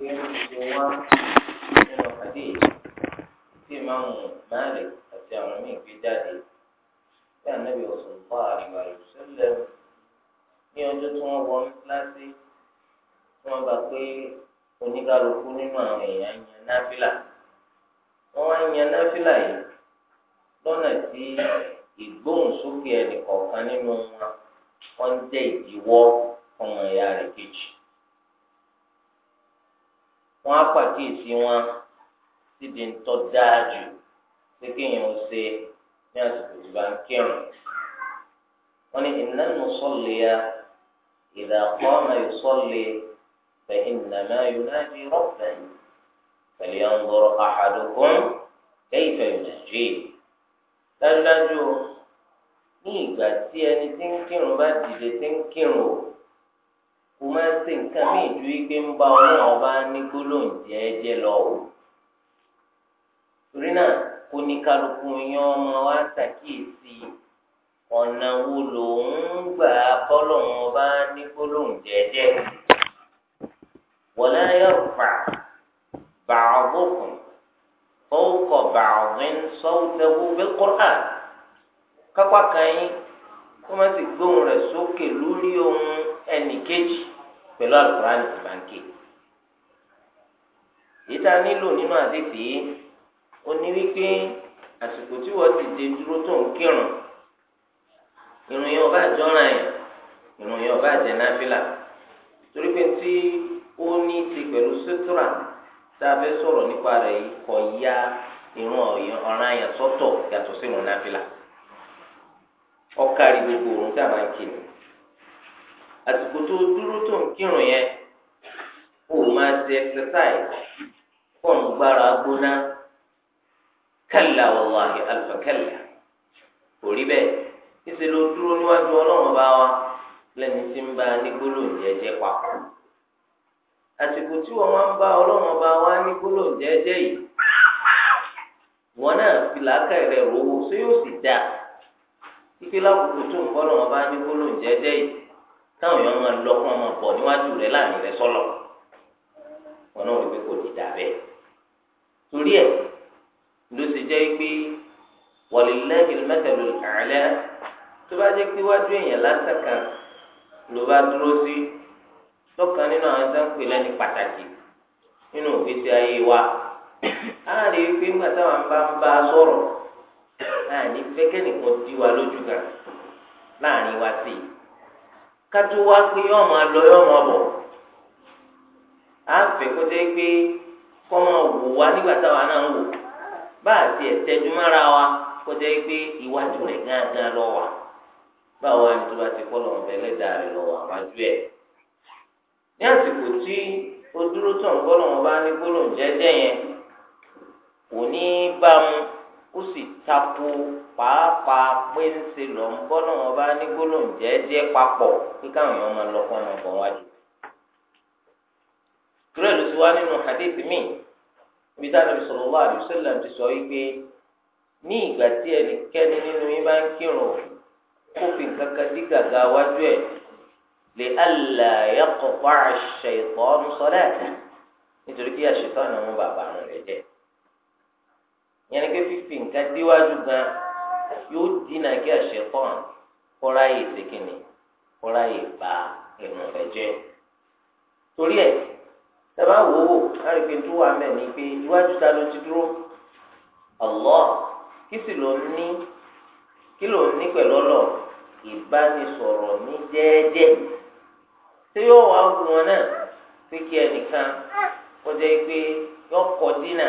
ويروى من الحديث في إمام مالك التعلمي في ذلك كان النبي صلى الله عليه وسلم ní ọjọ́ tí wọ́n wọ kíláàsì tí wọ́n gbà pé oníkálukú nínú àwọn èèyàn yan náfìlà wọ́n wá yan náfìlà yìí jẹ́ ìdíwọ́ ọmọ ìyá rẹ̀ kejì. wọn á pàkíyèsí wọn síbi ńtọ́ si jù pé kéèyàn ó ṣe ní àsìkò tó ń kírun wọn ni ìnáwó ya ìdá na yóò fẹ̀yìn nàmá yóò náà pẹ̀lú yàn bọ̀rọ̀ àhàdùkún lẹ́yìn fẹ̀yìn nàìjíríà dájúdájú ní ìgbà tí ẹni kò máa ṣe nǹkan ní ìdú igbe ń bá ọlọ́run ọba ní gbólóhùn jẹ́ẹ́jẹ́ lọ o. torí náà kò ní kálukú yan ọmọ wa ṣàkíyèsí ọ̀nà wo lòun ń gbà bọ́lọ́run ọba ní gbólóhùn jẹ́ẹ́jẹ́. wala yarfa ba'dukum fawqa ba'din sawtahu bil-Qur'an kápákan yín kó má sì gbóhùn rẹ̀ sókè lórí ohun. ẹnì kejì pẹ̀lú alukurani ti máa ń ké èyí nílò nínú yìí ó ní ti dé dúró tó ń ọba àjọra yẹn ìrun ọba àjẹ torí pé tí ó ní ti pẹ̀lú sutura tá a fẹ́ sọ̀rọ̀ nípa rẹ̀ yìí ya ìrun ọ̀ràn yẹn sọ́tọ̀ yàtọ̀ sí ìrun ọkàrí gbogbo òun tí àsìkò tó dúró tó ń kírun yẹn ó máa ṣe exercise fún gbára gbóná kalla wallahi alfa kalla kò rí bẹ́ẹ̀ níṣẹ́ ló dúró níwájú ọlọ́run bá wa lẹ́ni tí ń bá ní gbólóhùn jẹ́jẹ́ papọ̀ àsìkò tí wọ́n máa ń bá ọlọ́run bá wa ní gbólóhùn jẹ́jẹ́ yìí wọn náà fi làákà rẹ̀ rówó ṣé yóò sì dáa ìpínlẹ̀ àkókò tó ń bọ́ lọ́wọ́ bá ní gbólóhùn jẹ́jẹ́ yìí táwọn èèyàn máa lọ fún ọmọ bọ̀ níwájú rẹ láàrin rẹ sọlọ wọn náà rí pé kò ní dà bẹ́ẹ̀ torí ẹ̀ ló ṣe jẹ́ pé walillahi al-mathalu al-a'la tó bá jẹ́ pé wájú èèyàn lásán kan ló bá dúró sí lọ́kàn nínú àwọn tó ń pè lẹ́ni pàtàkì nínú òfìsí ayé wa á rí i pé nígbà táwọn bá ń bá a sọ̀rọ̀ láàrin fẹ́kẹ́ nìkan dí wa lójú kan láàrin wa sí i. kátó wá pé yọ máa lọ yọ máa bọ̀ á fẹ́ pé kọ́ wò wá nígbà táwa náà ń wò ti mára wa kó pé iwájú rẹ̀ gángan lọ wà báwo ni tó bá ti kọ́ lọ́wọ́ ẹ̀ ní àsìkò tí o dúró bá ní gbólóhùn jẹ́jẹ́ yẹn mu. ó sì tako pàápàá pé ń lọ náà wọn bá ní gbólóhùn jẹ́ẹ́jẹ́ papọ pé káwọn èèyàn máa lọ fún ọmọ ọ̀bọ̀n wájú. ti wá nínú hadith mi ibi táwọn ẹbí wá ti sọ wípé ní ìgbà tí ẹnikẹ́ni nínú yín bá ń kírun dí gàgà wájú ẹ̀ lè àlà yẹn ni pé fífi nǹkan déwájú gan yóò dínà kí àṣẹ pọ̀n kọ́ra yìí ṣèkìnnì kọ́ra yìí ba ẹnu jẹ́ torí ẹ̀ sábà wò wò láti pé tó wà ni pé iwájú ta ló ti dúró Allah kí sì ló ní kí ló ní pẹ̀lú ọlọ́ ìbánisọ̀rọ̀ ní jẹ́ẹ́jẹ́ tí yóò wá wọn náà pé kí ẹnìkan pé dínà.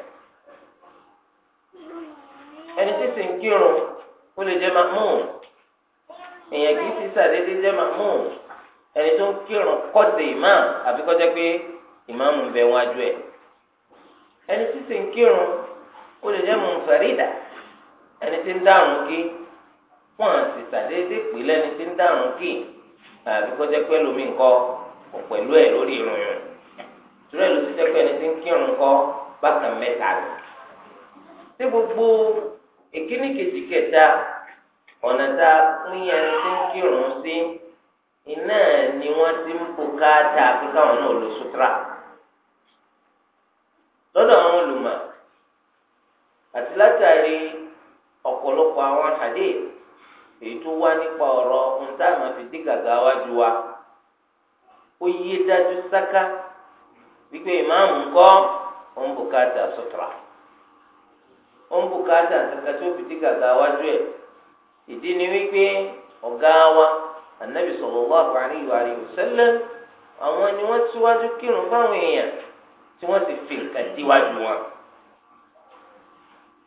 ẹni tí sì ń kírun ó lè jẹ́ màmúù èèyàn kì í ti sàdédé jẹ́ màmúù ẹni tó ń kírun kọ́sẹ̀ ìmáàmù àbí kọjá pé ìmáàmù ń bẹ wájú ẹ̀ ẹni tí sì ń kírun ó lè jẹ́ mùsàrídà ẹni tí ń dárun kí wọ́n sì sàdédé pè lẹ́ni tí ń dárun kí àbí kọjá pé lómi ńkọ́ pẹ̀lú ẹ̀ lórí irun yẹn ìtura ìlú ti jẹ́ pé ẹni tí ń kírun kọ́ bákan mẹ́ta rẹ̀ tí gbogbo ìkíni kejì kẹta ọ̀nà tá a pín ẹni ń kírun sí iná ni wọ́n ti ń bò káàtà àfi káwọn náà lò sutura lọ́dọ̀ àwọn olùmọ̀ àti látàrí ọ̀pọ̀lọpọ̀ àwọn àdé èyí tó wá nípa ọ̀rọ̀ ntàmà fi dí gàgà wájú wa ó dájú sáká wípé ìmáàmù ó ń bùkátà kankan tó fi dí gàgà wájú ẹ̀ ìdí ni wípé ọ̀gá wa anabi sallallahu alaihi wa alihi wasallam àwọn ni wọ́n tiwájú kírun fáwọn èèyàn tí wọ́n sì fi nǹkan díwájú wọn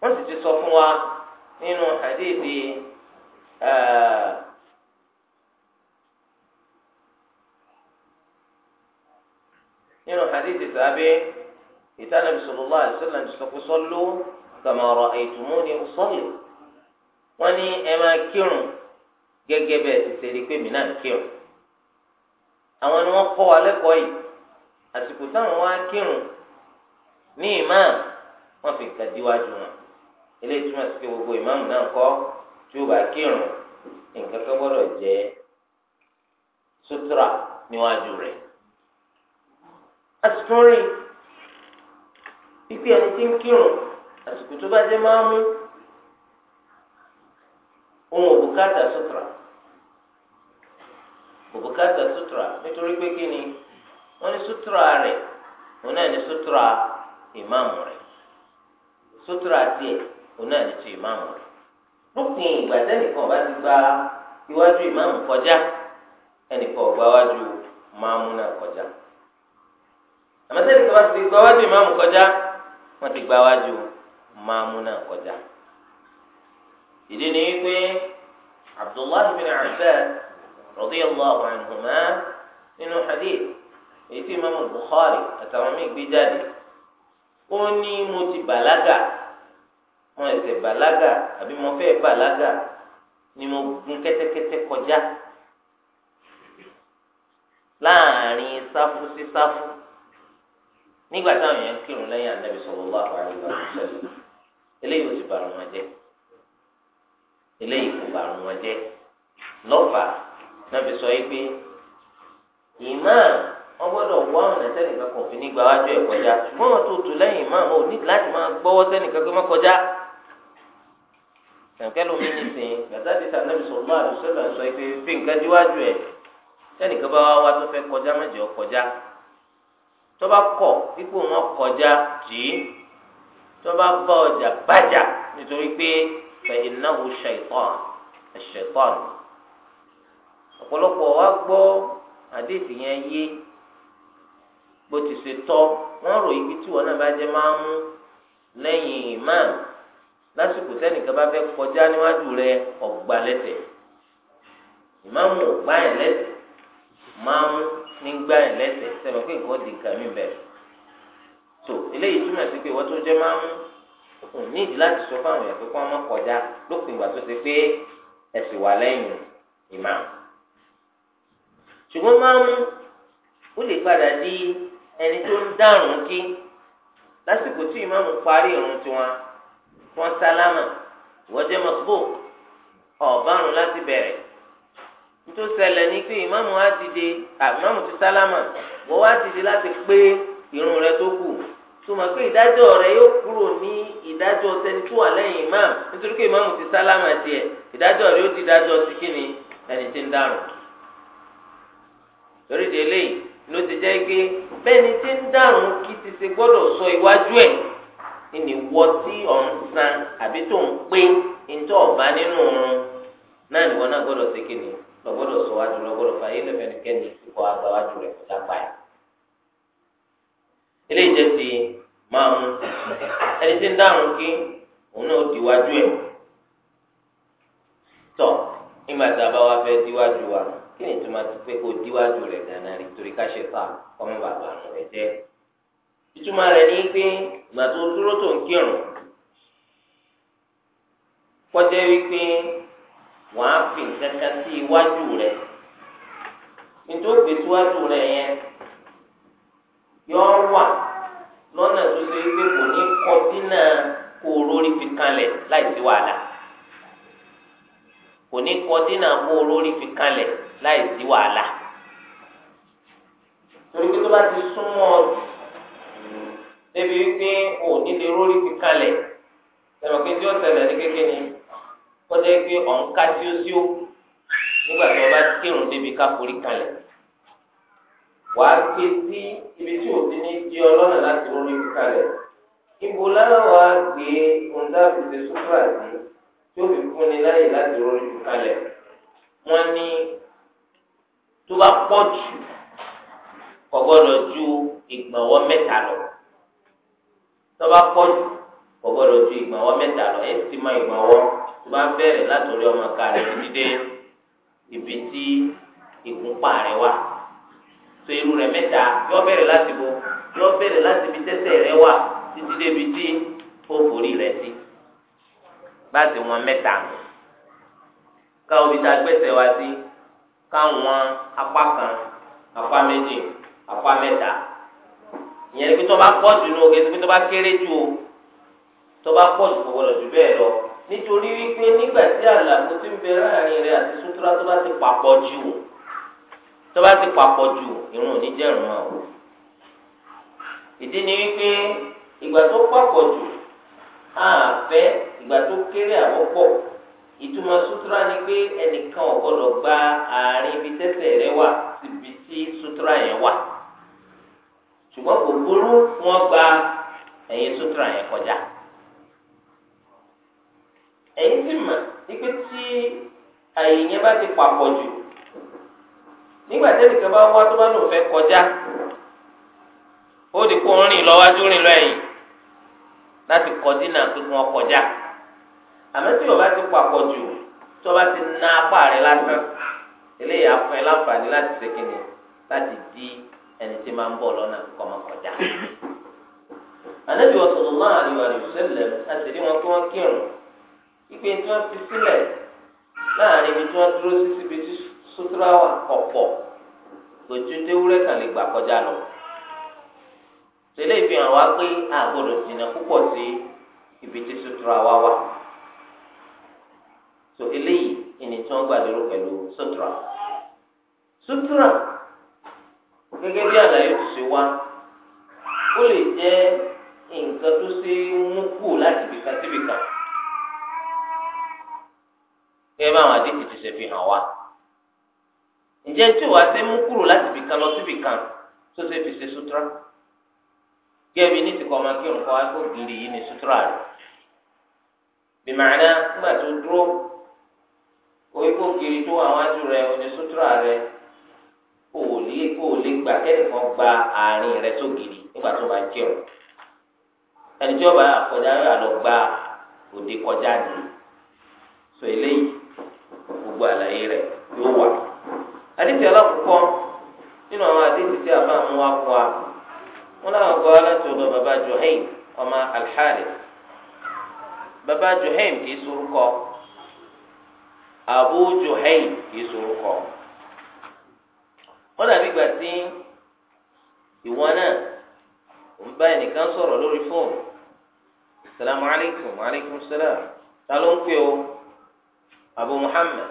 wọ́n sì ti sọ fún wa nínú hadithi nínú hadithi sábẹ ìtànàbí sallallahu alaihi wasallam ti sọ pé kama ra'aytumuni usalli wọ́n ní ẹ máa kírun gẹ́gẹ́ bẹ́ẹ̀ ti ṣe rí pé mí náà kírun àwọn ni wọ́n kọ́ wa lẹ́kọ̀ọ́ yìí àsìkò táwọn wá kírun ní ìmáà wọ́n fi díwájú wọn eléyìí túmọ̀ sí pé gbogbo ìmáàmù náà kọ́ tí ó bá kírun nǹkan kan gbọ́dọ̀ jẹ́ sutura níwájú a pípé àsìkò tó bá jẹ́ máa mú ohun òbúkátà sutura òbúkátà sutura nítorí pé kí ni wọ́n ní sutura rẹ̀ òun náà ní sutura ìmáàmù rẹ̀ sutura tiẹ̀ òun náà ní ti ìmáàmù rẹ̀ lópin ìgbà tẹ́nìkan bá ti gba iwájú ìmáàmù kọjá ẹnìkan ọgbà wájú máàmù náà kọjá àmọ́ tẹ́nìkan bá ti gba iwájú ìmáàmù kọjá wọ́n ti gba wájú máàmú náà kọjá ìdí ni wípé abdullahi bin Abbas radiyallahu anhuma nínú hadith èyí tí imaamu Bukhari àtàwọn míì gbé jáde ó ní mo ti bàlágà mo ẹsẹ̀ bàlágà àbí mo fẹ́ bàlágà ni mo gun kẹ́tẹ́kẹ́tẹ́ kọjá láàrin sáfù sí sáfù nígbà táwọn èèyàn kírun lẹ́yìn eléyìí ò sì bàrùn wọn jẹ́ eléyìí kò bàrùn wọn jẹ́ lọ́fà náà fi sọ yìí pé ìmáà wọn ọ̀nà sẹ́nìkan kan fi ní gba wájú kọjá wọn tó tù lẹ́yìn máa ò ní láti máa má kọjá. mi ní sìn sàn náà sọ pé fi nǹkan díwájú bá wá tó kọjá kọjá kọ̀ dípò wọn kọjá tó bá bá ọjà bájà nítorí pé fa innahu shaytan shaytan ọ̀pọ̀lọpọ̀ wa gbọ́ àdéhùn yẹn yé bó ti ṣe tọ́ wọ́n rò ibi tí wọn náà bá jẹ́ máa mú lẹ́yìn imam lásìkò sẹ́nìkan bá fẹ́ kọjá níwájú rẹ ọ̀gbà lẹ́sẹ̀ ìmáàmù ọ̀gbà yẹn lẹ́sẹ̀ máa mú nígbà yẹn lẹ́sẹ̀ sẹ́wọ̀n pé nǹkan di so eléyìí túmọ̀ sí pé wọ́n tó jẹ́ máa ń ní ìdí láti sọ fáwọn èèyàn pé kí wọ́n má kọjá lópin ìgbà tó ṣe pé ẹ̀sìn wà lẹ́yìn ìmọ̀ ṣùgbọ́n máa ń ó lè padà di ẹni tó ń dárùn kí lásìkò tí ìmáàmù parí ìrun tiwọn wọn sálámà wọ́n jẹ́ mọ̀sibó ọ̀bárùn láti bẹ̀rẹ̀ nítorí ṣẹlẹ̀ ni pé ìmáàmù á dìde àbí ìmáàmù ti sálámà wọ́n wá dìde láti pé ìrun rẹ̀ tó kù túmọ̀ pé ìdájọ́ rẹ̀ yóò kúrò ní ìdájọ́ tẹni tó wà lẹ́yìn imam nítorí pé imam ti sálámà tiẹ̀ ìdájọ́ rẹ̀ yóò di ìdájọ́ ti kí ni ẹni tí ń dárùn. lórí ìdí eléyìí ló ti jẹ́ pé bẹ́ẹ̀ni tí ń dárùn kí ti ṣe gbọ́dọ̀ sọ iwájú ẹ̀ ní wọ́ tí ọ̀hún san àbí tó ń pé ntọ́ ọ̀bá nínú oorun náà ni wọ́n náà gbọ́dọ̀ ṣe kí ni lọ́gbọ́dọ̀ sọ wájú lọ́gbọ́dọ̀ fàyè lẹ́fẹ̀ẹ́nikẹ́ni kó agbáwájú rẹ̀ kó dápá yìí eléyìí jẹ́ ti máa mú ẹni tí ń dáhùn kí òun náà ti wájú ẹ̀ tọ̀ nígbà tá a bá wá fẹ́ díwájú wa kí ni ìtumọ̀ ti pé kó díwájú rẹ̀ dáná rí torí ká ṣe fà ọmọ bàbá rẹ̀ jẹ́ ìtumọ̀ rẹ̀ ní pé ìgbà tó dúró tó ń kírun kọjá wípé wàá fi nǹkan kan sí iwájú rẹ̀ nítorí pé síwájú rẹ̀ yẹn. yọ wà lọ́nà tó ṣe pé kò ní kọ́ kó fi kanlẹ̀ láì wàhálà kò ní kọ́ kó fi kanlẹ̀ láì wàhálà torí pé tó bá ti o ò ní rórí fi ẹ̀rọ pé tí ó ṣẹlẹ̀ ní kékeré ni pé ọ̀nká tí ó sí ó nígbà tí wọ́n bá kírun kanlẹ̀. wàá ké sí ibi tí òsì ní di ọlọ́nà láti ronú ikú kalẹ̀ ibo láwọn wàá gbé ohun tá a fi ṣe súpà sí tí ó fi fúnni láyè láti ronú ikú kalẹ̀ wọ́n ní tó bá pọ̀ jù kò gbọ́dọ̀ ju ìgbọ̀nwọ́ mẹ́ta lọ tó bá pọ̀ jù kò gbọ́dọ̀ ju ìgbọ̀nwọ́ mẹ́ta lọ ẹ̀ sì mọ ìgbọ̀nwọ́ tó bá bẹ̀rẹ̀ látòrí ọmọ ká rẹ̀ ibi tí ìgúnpá rẹ̀ wà so irú rẹ̀ mẹ́ta yọ bẹ̀rẹ̀ láti bo yọ bẹ̀rẹ̀ láti bi tẹ́sẹ̀ rẹ̀ wà títí débi tí ó forí rẹ̀ sí bá ti wọn mẹ́ta káwọn ibi tá a gbẹ́sẹ̀ wá sí káwọn apá kan apá méjì apá mẹ́ta ìyẹn ní pé tó bá pọ̀ jù ní oge tó bá kéré jù o tó bá pọ̀ jù kò gbọdọ̀ jù bẹ́ẹ̀ lọ nítorí wípé nígbà tí àlàfo ti ń bẹ láàrin rẹ̀ àti sutura tó bá ti papọ̀ jù o tó bá ti papọ̀ ju irun oníjẹ̀rùn náà ìdí ni wípé ìgbà tó papọ̀ jù àfẹ́ ìgbà tó kéré àwọ́pọ̀ ìtumọ̀ sutura ni pé ẹnìkan ò gbọdọ̀ gba àárín ibi tẹ́sẹ̀ rẹ wà síbi tí sutura yẹn wà ṣùgbọ́n kò burú wọn gba ẹ̀yìn sutura yẹn kọjá ẹ̀yìn sì mọ̀ wípé tí àyè yẹn bá ti papọ̀ jù. nígbà tẹ́lẹ̀ kan bá wá tó bá kọjá ó di kó rìn lọ́wájú rìn lọ́yìn láti kọjú náà pé kọjá àmọ́ tí o bá o bá ti na apá rẹ lásán eléyìí afọ ẹ láǹfààní láti ṣèkìnnì láti di ẹni tí máa ń bọ̀ lọ́nà kọ́ máa kọjá. láti rí wọn kí wọ́n kírun tí wọ́n sílẹ̀ sotirawa wa gbèjú déwúrẹ́ gba kọjá lọ. tẹ́lẹ̀ ìfihàn wa pé agolo gbọ́dọ̀ jìnnà púpọ̀ ibi ibi tí wa wà. so eléyìí ìní tí wọ́n gbà sotura. sotura o bí àlàyé tó se wa o le lati láti ibìkan síbìkan. gẹ́gẹ́ àwọn ti fi hàn wá. ǹjẹ́ tí wàá ṣe mú kúrò láti bì kan lọ síbì kan tó ṣe fi ṣe sutura gẹ́bí ní ti kọ́ ọmọ kírun kọ́ wáá kó gírì yìí ní sutura rẹ̀ bìmọ̀ọ́nà nígbà tó dúró orí kó gírì tó àwọn ajú rẹ̀ oní sutura rẹ̀ kò lè kò lè gbà kẹ́nìkan gba àárín rẹ̀ tó gírì nígbà tó bá kírun ẹni tí wọ́n bá àkọjá rẹ̀ àlọ́ gba òde kọjá ni sọ eléyìí gbogbo àlàyé rẹ̀ yóò wà. àdìsí ọlọ́kùnkọ́ nínú àwọn àdìsí tí a máa mú wá fún wọn làwọn gbọ́ láti ọ̀dọ̀ bàbá Juhaym ọmọ al bàbá Juhaym kì Abu Juhaym kì í sorúkọ wọn dàbí gbà tí ìwọ náà ń bá ẹnìkan sọ̀rọ̀ lórí fóònù salamu wa Abu Muhammad.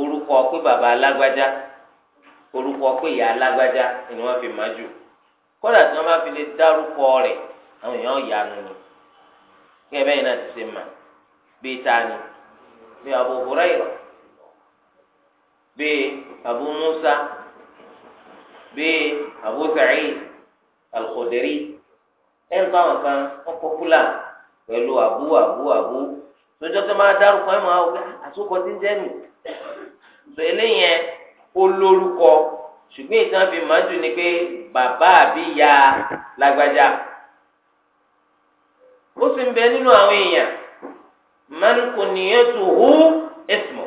orúkọ pé baba alágbájá orúkọ pé ìyá alágbájá ni wọ́n fi má jù kódà tí wọ́n bá fi lè dárúkọ rẹ̀ àwọn èèyàn yanu ni kẹ́ẹ̀bẹ́ yìí náà ti ṣe mà bíi tani bíi Abu Hurairah bíi Abu Musa bíi Abu Sa'id al-Khudri ẹ̀ ń kọ́ àwọn kan wọ́n pọ́pùlà pẹ̀lú àbú àbú àbú lójọ́ tó máa dárúkọ ẹ̀ máa wọ àsokọ́ tí ń jẹ́ nù sọ eléyẹn ó lórúkọ ṣùgbọ́n ìtàn fi máa ni pé bàbá àbí ya lágbájá ó sì ń bẹ nínú àwọn èèyàn man kunyatuhu ismu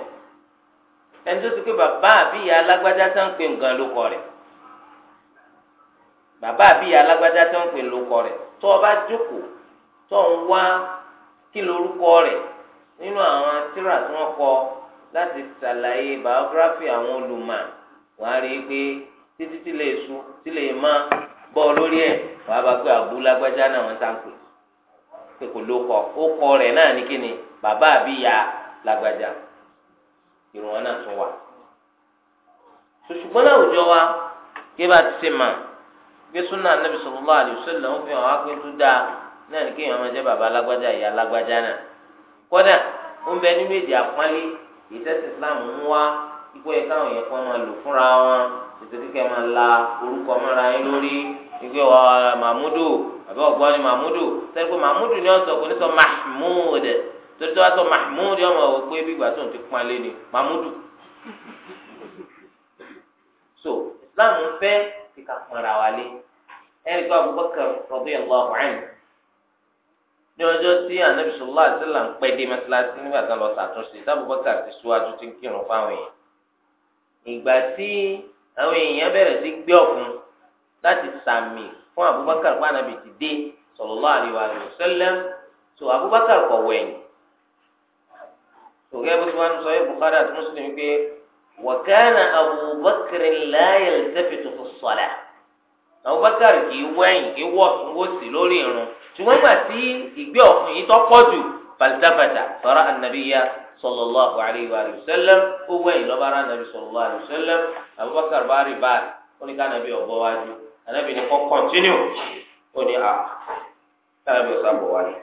ẹni tó ti pé bàbá àbí ya lágbájá tá ń pè nǹkan lókọ rẹ̀ bàbá àbí ya lágbájá tá ń pè lókọ rẹ̀ tó o jókòó tó ń wá kí lorúkọ rẹ̀ nínú àwọn tírà tí wọ́n kọ láti ṣàlàyé biography àwọn olùmọ̀ wàá rí i pé títí tí lè sun tí lè má bọ́ lórí ẹ̀ wàá bá pé àbú lágbájá náà wọ́n sáà ń pè pé kò ló kọ ó kọ rẹ̀ náà ní kíni bàbá àbí ìyá lágbájá ìrùn wọn náà tún wà. ṣùṣùgbọ́n láwùjọ wa kí bá ti ṣe mà gbé súnà anábì sallallahu alaihi wasallam ó fi hàn wá dáa náà ní kéèyàn máa jẹ́ bàbá lágbájá ìyá lágbájá náà kódà ó ń bẹ ní méjì àpọ́nlé ìtẹ́sí islam ń wá ikú yẹ káwọn yẹn kọ́ máa lò fúnra wọn ètò kíkẹ́ máa la orúkọ mọ́ra yín lórí ikú wa mahmudu àbí ọ̀gbọ́n ni mahmudu sẹ́ni pé mahmudu ni wọ́n sọ kò ní sọ mahmud torí tí wọ́n sọ mahmud ọmọ wò pé bí ìgbà tó ń ti pọn lé ni mahmudu. so islam ń fẹ́ kíkà pọnra wa lé ẹ̀rí kí wọ́n Abubakar radiyallahu anhu ní ọjọ́ tí anabi sọlá àtìlá ń pẹ́ dé mẹ́tíláṣí nígbà tán lọ sàtúnṣe tábùbọ́tà ti ṣíwájú tí ń kírun fáwọn èèyàn ìgbà tí àwọn èèyàn bẹ̀rẹ̀ sí gbé ọ̀fun láti sàmì fún Abubakar pànàbì ti dé sallallahu alaihi wa sallam tó Abubakar kọ̀ wẹ̀yìn tó gẹ́gẹ́ bó ti wá ń sọ yẹ Bukhari àti Muslim pé wa kana Abubakar la yaltafitu fi s-salah. Abubakar kì í wẹ̀yìn kì í wọ̀tún wòsì lórí irun ṣùgbọ́n ìgbà tí ìgbé ọ̀fun yìí tó pọ̀ jù falsafata fara anabiya sallallahu alayhi wa sallam ó wẹ̀yìn lọ́bàrà anabi sallallahu alayhi wa sallam Abubakar bá rí báyìí ó ní ká anabi ọ̀bọ wájú anabi ní kọ́ kọ́ntínú ó ní a ah, kánabi ọ̀sán bọ̀ wájú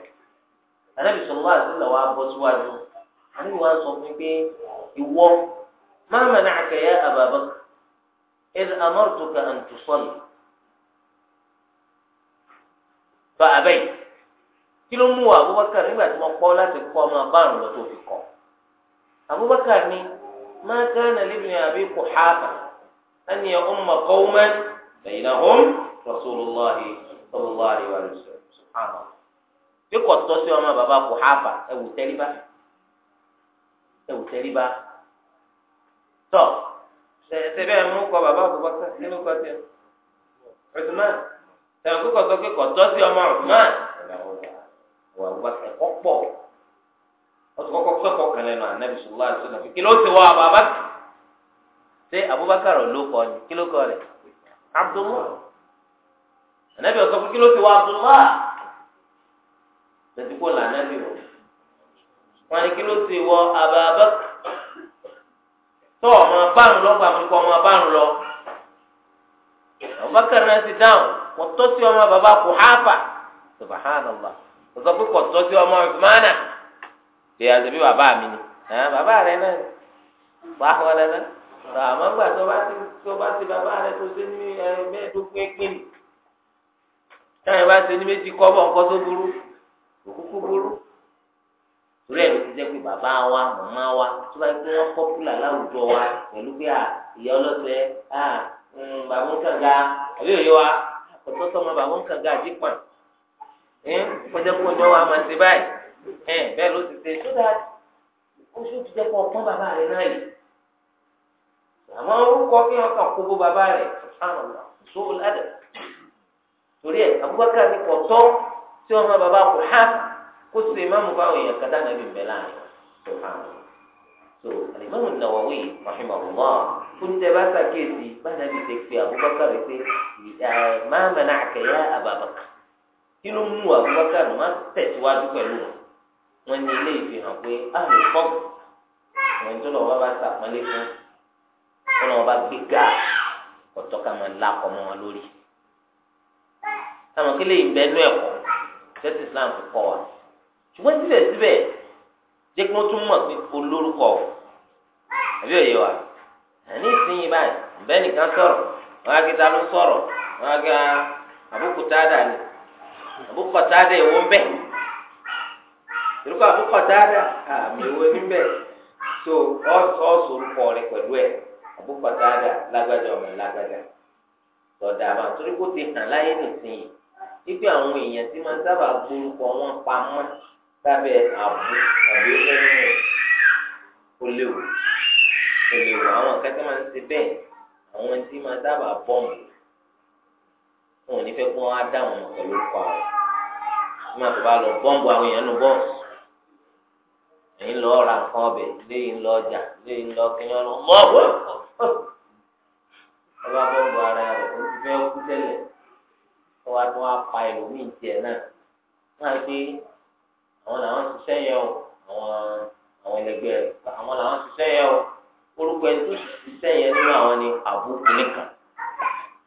anabi sallallahu alayhi wa sallam síwájú anabi wá fa abẹ́yì kí ló mú Abubakar nígbà tí wọ́n kọ́ láti kọ́ ọmọ fi kọ́ Abubakar ni ma kana libni Abi Quhafa an ya'umma Rasulullahi sallallahu alaihi wa sallam bí kò tọ́ sí ọmọ bàbá Quhafa ẹ̀wù tẹ́ríba ẹ̀wù tẹ́ríba tọ́ sẹ̀sẹ̀ bẹ́ẹ̀ mú kọ bàbá Abubakar nínú kọ́ ẹ̀rọ kíkọ sọ pé kọ̀tọ́ sí ọmọ ọ̀gbọ́n wà wá ẹ̀kọ́ pọ̀ wọ́n ti kọ́kọ́ kẹ́kọ̀ọ́ kan lẹ́nu ànábì sọ̀rọ̀ àti sọ̀rọ̀ kí ló ti wọ bàbá ṣé Abubakar ló kọ ni kí ló kọ rẹ̀ Abdullah ànábì ọ̀sọ́ pé kí ló ti là wọ ọmọ ọmọ lọ Abubakar náà kò tọ́ sí ọmọ bàbá Kuhafa subhanallah kò sọ pé kò tọ́ sí ọmọ Usmana lè yàtọ̀ bí bàbá mi ni bàbá rẹ náà wà á wọlé náà àmọ́ gbà tó bá ti tó bá ti bàbá rẹ tó ṣe ní mẹ́ẹ̀ẹ́dógún ẹ̀kínì táyà bá ṣe ní méjì kọ́bọ̀ nǹkan tó burú òkúkú burú torí ẹ̀ ló ti jẹ́ pé wa màmá wa tó bá yẹ kí wọ́n láwùjọ wa pẹ̀lú pé ìyá ọlọ́sẹ̀ mm, bàbá ń kàn ga àbí òye wa ọ̀tọ́tọ́ ọmọ bàbá ń kàga àdí pàn ẹ kọjá kó ọjọ́ wa máa ṣe báyìí ẹ bẹ́ẹ̀ ló ti ṣe tó dáa oṣù tó jẹ́ kó ọpọ́n bàbá rẹ̀ náà yìí àmọ́ orúkọ kí wọn kà kóbó bàbá rẹ̀ sàmùlà sóòlù àdà torí ẹ Abubakar ní kọ̀tọ́ tí wọn máa bàbá kò há kó sì lè mú báwọn èèyàn kàdá nàbì mẹ́láàrin tó hàn so Al-Imam An-Nawawi rahimahullah oúnjẹ bá sàkíyèsí báyìí bí ṣe pé Abubakar pé máa mẹ́nà àkẹyà Abubakar kí ló mú Abubakar má tẹ̀síwájú pẹ̀lú wọn wọn ní ilé ìfihàn pé àmì fọ́ọ̀mù wọn tó lọ́wọ́ bá sàpọ́nlé fún wọn lọ́wọ́ bá gbé gà ọ̀tọ́ ká máa la ọmọ wọn lórí. táwọn kílè ìbẹ́nu ẹ̀kọ́ tẹ́sí Islam fi kọ́ wa ṣùgbọ́n síbẹ̀síbẹ̀ jẹ́ kí wọ́n tún mọ̀ pé olórúkọ àbí òye wa. ẹni ìsinyìí báyìí ǹbẹ́ nìkan sọ̀rọ̀ wọn ta ló sọ̀rọ̀ wọn aga abúkùtádà ni abúkùtádà èwo ń bẹ ìrúkọ abúkùtádà àmì èwo ní bẹ so ọ̀sọ̀rùkọ rẹ pẹ̀lú ẹ̀ abúkùtádà lágbájá ọmọ lágbájá tọ̀dà àbá torí ti hàn láyé nìsinyìí ipe àwọn èèyàn tí máa ń sábà gbórúkọ wọn pamọ́ sábẹ́ àbú àbí kò lè rọ àwọn nǹkan tí wọ́n máa ń ṣe bẹ́ẹ̀ àwọn tí máa dábàá bọ́ọ̀mù wọn ò ní fẹ́ kó wọn á dá wọn pẹ̀lú kọ àwọn tí máa tó bá lọ bọ́ọ̀mù àwọn èèyàn nù bọ́ọ̀sì ẹ̀yin lọ ra nǹkan ọbẹ̀ léyìn lọ ọjà léyìn lọ kínyàn lọ mọ́ ọ̀wọ́ ọba bọ́ọ̀mù ara rẹ̀ ó ti fẹ́ kú tẹ́lẹ̀ kó wa tó wá pa ẹlòmíì tiẹ̀ náà máa gbé àwọn làwọn ṣiṣẹ́ yẹn o àwọn àwọn ẹlẹgbẹ́ rẹ̀ àwọn làwọn ṣiṣẹ́ yẹn o. orúkọ ẹni tó ṣiṣẹ́ yẹn nínú àwọn ni abúkìní kan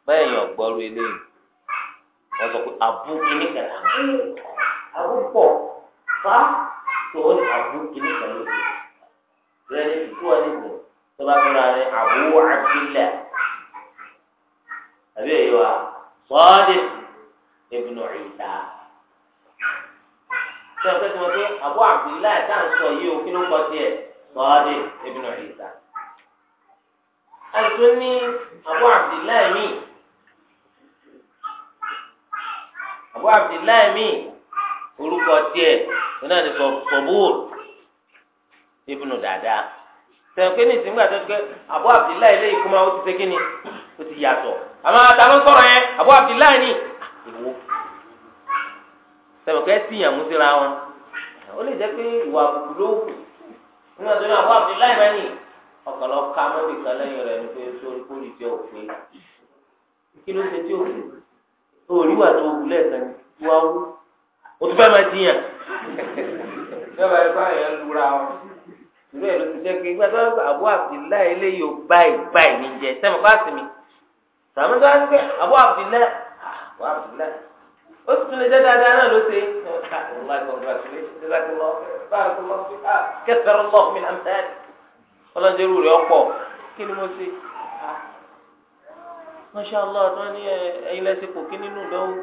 bẹ́ẹ̀ yàn gbọ́rú eléyìí wọ́n sọ pé abúkìní kan abúpọ̀ fa tòun ni abúkìní kan ló ṣe rẹ ní ìtú wọn tó bá ní àbí èyí wa sọ́ọ́dì ibùnú ìta tí wọ́n tá à ń o kí ló ń kọ́ sí ẹ̀ ẹ̀tún ní Abu Abdullahi mi Abu Abdullahi mi orúkọ tiẹ̀ wọn náà ní sọ ibùnú dada. sẹ̀ǹpé ní ìsìngbà tó Abu Abdullahi ilé ìkúmọ̀ ó ti ṣe kí ni ó ti yàtọ̀ àmọ́ àtàwọn sọ̀rọ̀ yẹn Abu Abdullahi ni ìwọ sẹ̀ǹpé ẹ̀ tìyàn mú síra wọn ó lè jẹ́ pé ìwà àbùkù ló wù nínú àtúnyẹ̀wò Abu Abdullahi máa ń yìn. ọkọlọ ká mọ́bìkan lẹ́yìn rẹ̀ ní pé sórí kórì jẹ́ òfin kí ló ṣe tí òfin òòrí wà tó wù lẹ́ẹ̀kan tí wàá wú o tún fẹ́ máa jiyàn ìjọba ẹ̀fọ́ yẹn lura ọ ìlú ẹ̀ ló ti jẹ́ pé gbàtọ́ àbú àbdìlá eléyìí ò báyìí báyìí ní jẹ sẹ́mi káàsì mi sàmúdọ́ á ń pẹ́ àbú àbdìlá ah, àbú àbdìlá ó sì tún lè jẹ́ dáadáa náà ló ṣe kẹsàrọ̀ lọ́ọ̀mì àmì sáyẹ̀ ọlọ́dẹ rú rẹ̀ ọ̀pọ̀ kí ni mo ṣe mọ́ṣáláà tí wọ́n ní ẹyin lẹ́sìn kò kí nínú ìdánwò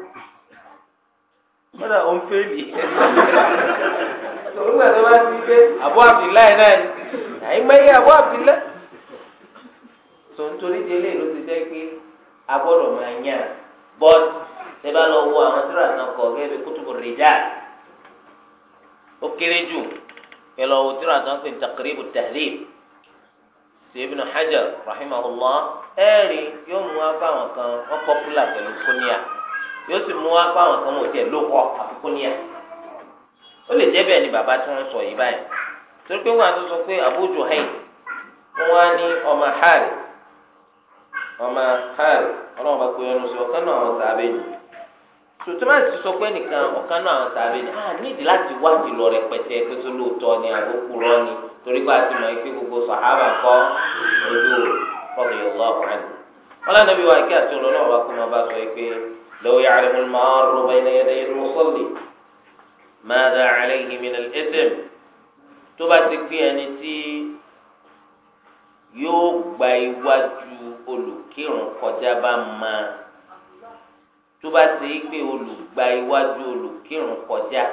kódà òun fèèlì òwúrọ̀ tó bá ti gbé àbọ̀ àbdìláì náà ni àyìnbáyé àbọ̀ àbdìláì tó ń torí délé ló ti jẹ́ pé a gbọ́dọ̀ máa yàn bọ́t ṣe bá lọ wo àwọn tíra kan kọ gẹ́gẹ́ bí rìjà ó kéré jù pẹ̀lú ọ̀wọ̀ tíra kan pè ní takribu tahrib. ti Ibn Hajar rahimahullah ẹ̀rí yóò mú wá àwọn kan wọ́n pọ́pùlà pẹ̀lú kúníà yóò sì mú kan ló àfi ni bàbá tí wọ́n sọ yìí báyìí torí pé wọ́n á pé Abu Juhayn wọ́n á ní ọmọ Harith ọmọ tòtòmá ti sọ pé nìkan ọ̀kan náà àwọn sàbẹ̀ ni a ah, nídìí láti wá sí lọ rẹpẹtẹ pé tó lóòótọ́ ni àbókù rọ ni torí pé a mọ̀ pé gbogbo sàhábà kọ́ ojú rọ̀bì ọ̀lá ọ̀hún. wọn lànà bí kí àti ọlọ́wọ́ bá kó máa bá sọ pé lọ́wọ́ yà àrẹ múlùmọ́ ọ̀rọ̀ bá iná yẹn yẹn sọ́ọ̀lì máa dá àlẹ́ yìí mi nàlẹ́ ẹ̀sẹ̀m tó bá ti pín ẹni tí yóò gba iwájú olùkírun kọjá bá máa tó bá ṣe é pé olùgbà iwájú olùkírun kọjá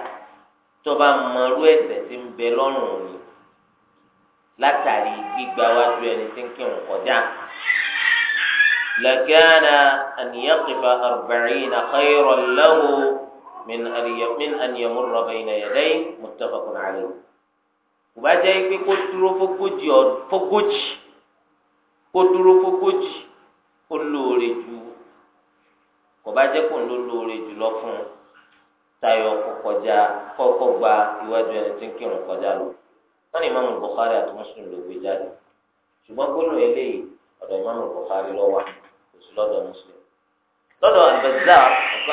tó bá mọrú ẹ̀ṣẹ̀ tí ń bẹ lọ́rùn òní látàrí gbígbà iwájú ẹni tí ń kírun kọjá. لكان أن يقف أربعين خيرا له من أن من أن يمر بين يديه متفق عليه وبعدها يكفي كتر فوجي فوجي كتر فوجي كل رجو kọba jẹ kó ló lóore jùlọ fún tayọ kọkọjá kọkọ gba iwájú ẹni tí ń kírun kọjá lọ wọn ni Imam Bukhari àti Muslim ló gbé jáde ṣùgbọ́n gbólóhùn eléyìí ọ̀dọ̀ Imam Bukhari ló kò sí lọ́dọ̀ Muslim lọ́dọ̀ Al-Bazzar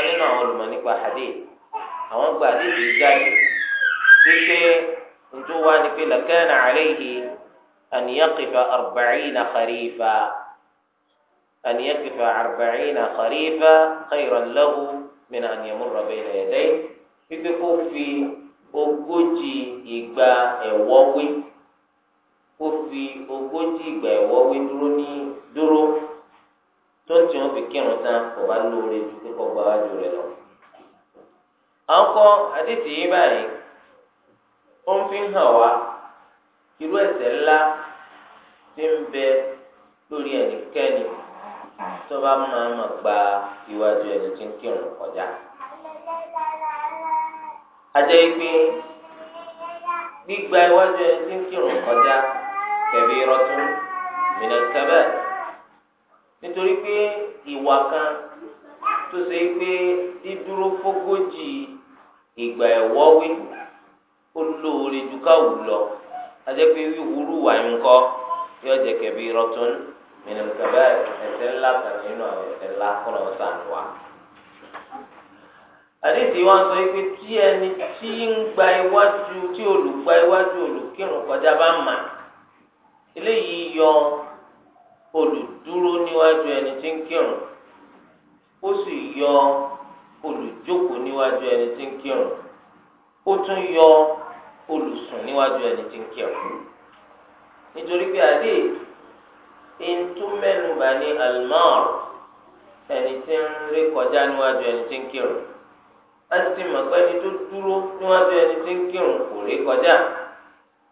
nínú àwọn olùmọ̀ nípa hadith àwọn gba hadith yìí jáde pípé ntúwa ni pé lakana alayhi an yaqifa arba'ina kharifa. أن يقف أربعين خريفا خيرا له من أن يمر بين يديه يبقوا في ogójì ìgbà ẹ̀wọ́wé ó fi ogójì ìgbà ẹ̀wọ́wé dúró ní dúró tó ń tiwọn fi kírun tán kò bá lóore ju kíkọ́ gba wájú rẹ lọ. à ń kọ́ àdìsí yìí báyìí ó ń fi hàn wá irú ẹ̀ṣẹ̀ ńlá tí ń bẹ lórí ẹnikẹ́ni. tó bá máa ma gba iwájú ẹni tí ń kírun kọjá. ajẹ́ pé gbígba iwájú ẹni tí ń kírun kọjá kẹ̀bí rọ́tún mìíràn kẹ́bẹ̀ nítorí pé ìwà kan tó ṣe pé dídúró fógójì ìgbà ẹ̀wọ́ ó lóore ju káwù lọ ajẹ́ pé wíwúrú wà ń kọ́ yóò kẹ̀bí rọ́tún. من الكبائر ẹ̀ṣẹ̀ kan nínú àwọn ẹ̀ṣẹ̀ ńlá kọlọ ń sàn wá. àdìsí wọn sọ pé tí ẹni tí ń gba iwájú tí olùgba iwájú olùkírun kọjá bá mà eléyìí yọ olùdúró níwájú ẹni tí ń kírun ó sì yọ olùjókòó níwájú ẹni tí ń kírun ó tún yọ olùsùn níwájú ẹni tí ń kírun nítorí pé àdéhìí ntú mẹ́nuba ní almar ẹni tí ń rí kọjá níwájú ẹni tí ń kírun láti ti mọ̀ pé ẹni tó dúró níwájú ẹni tí ń kírun kò rí kọjá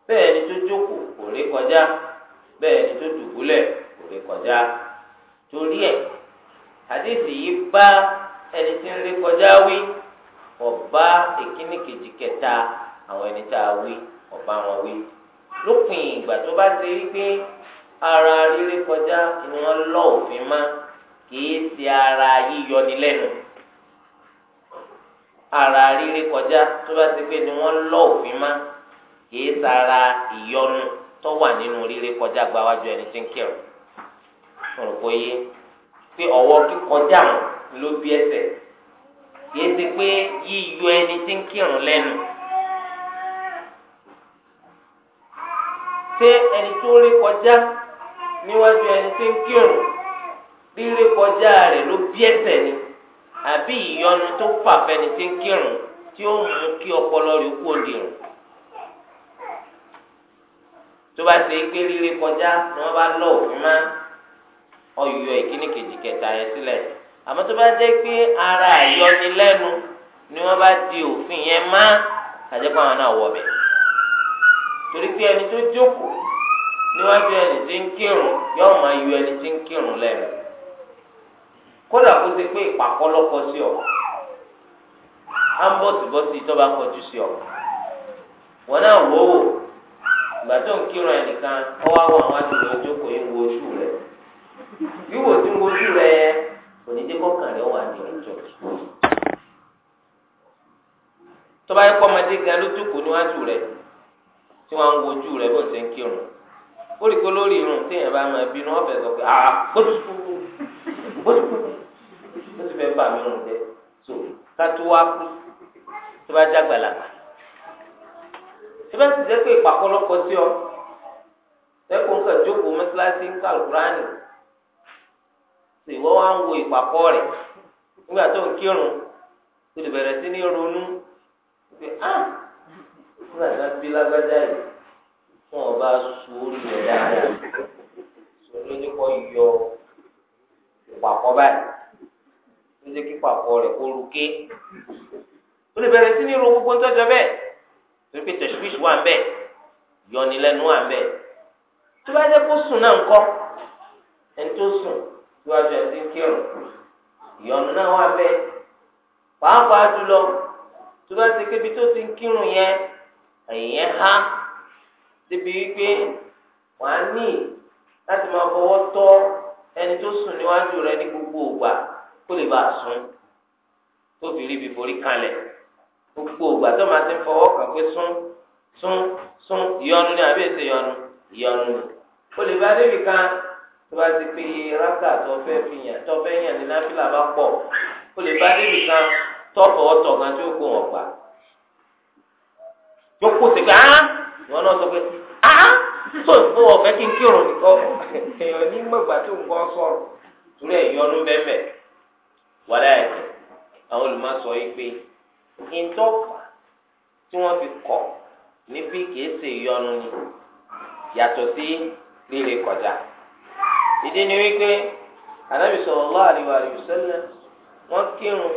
bẹ́ẹ̀ ẹni tó jókòó kò rí kọjá bẹ́ẹ̀ ẹni tó dùbúlẹ̀ kò rí kọjá torí ẹ̀ àdéhùn yìí bá ẹni tí ń rí kọjá wí ọba ìkíní kejì kẹta àwọn ẹni tá a wí ọba wọn wí lópin ìgbà tó bá ṣe wípé. ara rírí kọjá ni wọ́n lọ òfin má kìí ṣe ara ni lẹ́nu ara rírí kọjá tó bá ti pé ni wọ́n lọ òfin má kìí ṣe ara ìyọnu tó wà nínú rírí kọjá gbáwájú ẹni tí ń kírun rò pé yé pé ọwọ́ kíkọjá wọn ló bí ẹsẹ̀ kìí ṣe pé yíyọ ẹni tí ń kírun lẹ́nu. ṣé ẹni tó rí kọjá níwájú ẹni tí ń kírun ríré kọjá rẹ̀ ló bí ẹ̀ṣẹ̀ ni àbí ìyọnu tó fà fẹ́ni tí ń kírun tí ó mú kí ọpọlọ rẹ̀ kú òdìrún tó bá ṣe pé ríré kọjá ni wọ́n bá lọ òfin má ọyọ ìkíní kejì kẹta yẹn sílẹ̀ àmọ́ tó bá jẹ́ pé ara àyọni lẹ́nu ni wọ́n bá di òfin yẹn má àjẹpọ̀ àwọn náà wọ̀ bẹ̀ torí pé ẹni tó jókòó. níwájú ẹni tí ń kírun yóò máa yọ ẹni tí ń kírun lẹ́nu kódà kó ṣe pé ìpàkọ́lọ́kọ sí ọ á ń bọ̀tìbọ̀tì tó bá kọjú sí ọ wọn náà wò ó ìgbà tó ń kírun ẹnìkan ọ wá wọ àwọn rẹ wíwò tí ń wo oṣù rẹ kò ní dé kọkàn rẹ wà ní yẹ kọ́ rẹ tí wọ́n ń rẹ bó ṣe ń ó rí kó lórí irun téèyàn bá máa bínú ọ̀fẹ́ sọ pé ah ó ti kú ó ti kú fẹ́ bà mí rùn jẹ́ so kátó wá kú tó bá já gbàlagbà tó bá ti jẹ́ pé ìpàkọ́lọ́kọ́ sí ọ ẹ̀kọ́ nǹkan jókòó mẹ́tíláṣí ń kà lùkúránì sì wọ́n wá ń wo ìpàkọ́ rẹ̀ nígbà tó ń kírun ó ti bẹ̀rẹ̀ sí ní ronú pé ah nígbà tó ń bí lágbájá yìí tó wọn bá su orí rẹ̀ dáadáa ló ní kọ́ yọ ìpàkọ́ báyìí ló jẹ́ kí pàkọ́ rẹ̀ kó ruké ó lè bẹ̀rẹ̀ sí ní ro gbogbo ńtọ́jọ́ bẹ́ẹ̀ torí pé tẹ̀síwìsì wà ń bẹ̀ yọnilẹ́nu wà ń bẹ̀ tó bá jẹ́ kó sùn náà ń kọ́ ẹni tó sùn síwájú ẹni tí ń kírun ìyọnu náà wà bẹ́ẹ̀ pàápàá jùlọ tó bá ti kébi tó ti ń kírun yẹn ẹ̀yìn yẹn há débi wípé wàá ní láti máa fọwọ́ tọ́ ẹni tó sùn níwájú rẹ ní gbogbo ògbà kó lè bá a sùn tó fi rí ibi forí kalẹ̀ gbogbo ògbà tó máa ti fọwọ́ kàn pé sún sún sún ìyọnu ni àbí èsè ìyọnu ìyọnu ni ó lè bá débi kan tó bá ti pé rákà tó fẹ́ fi yàn tó fẹ́ yàn ní náfìlà bá pọ̀ ó lè bá débi kan tọ́pọ̀ ọ̀tọ̀ kan tí ó kó tó kó sí pé ìwọ náà sọ pé ah tó ìfọ ọ̀fẹ́ kí n kírun nìkan èèyàn ní mọ̀gbà tó ń gbọ́ sọ̀rọ̀ torí ẹ̀ yọnu bẹ́ẹ̀ wàlá ẹ̀sìn àwọn olùmọ̀sọ yìí pé ìtọ́fà tí wọ́n fi kọ̀ ní bí kìí ṣe ni yàtọ̀ sí líle kọjá ìdí ni wípé anabi sallallahu alaihi wa sallam wọ́n kírun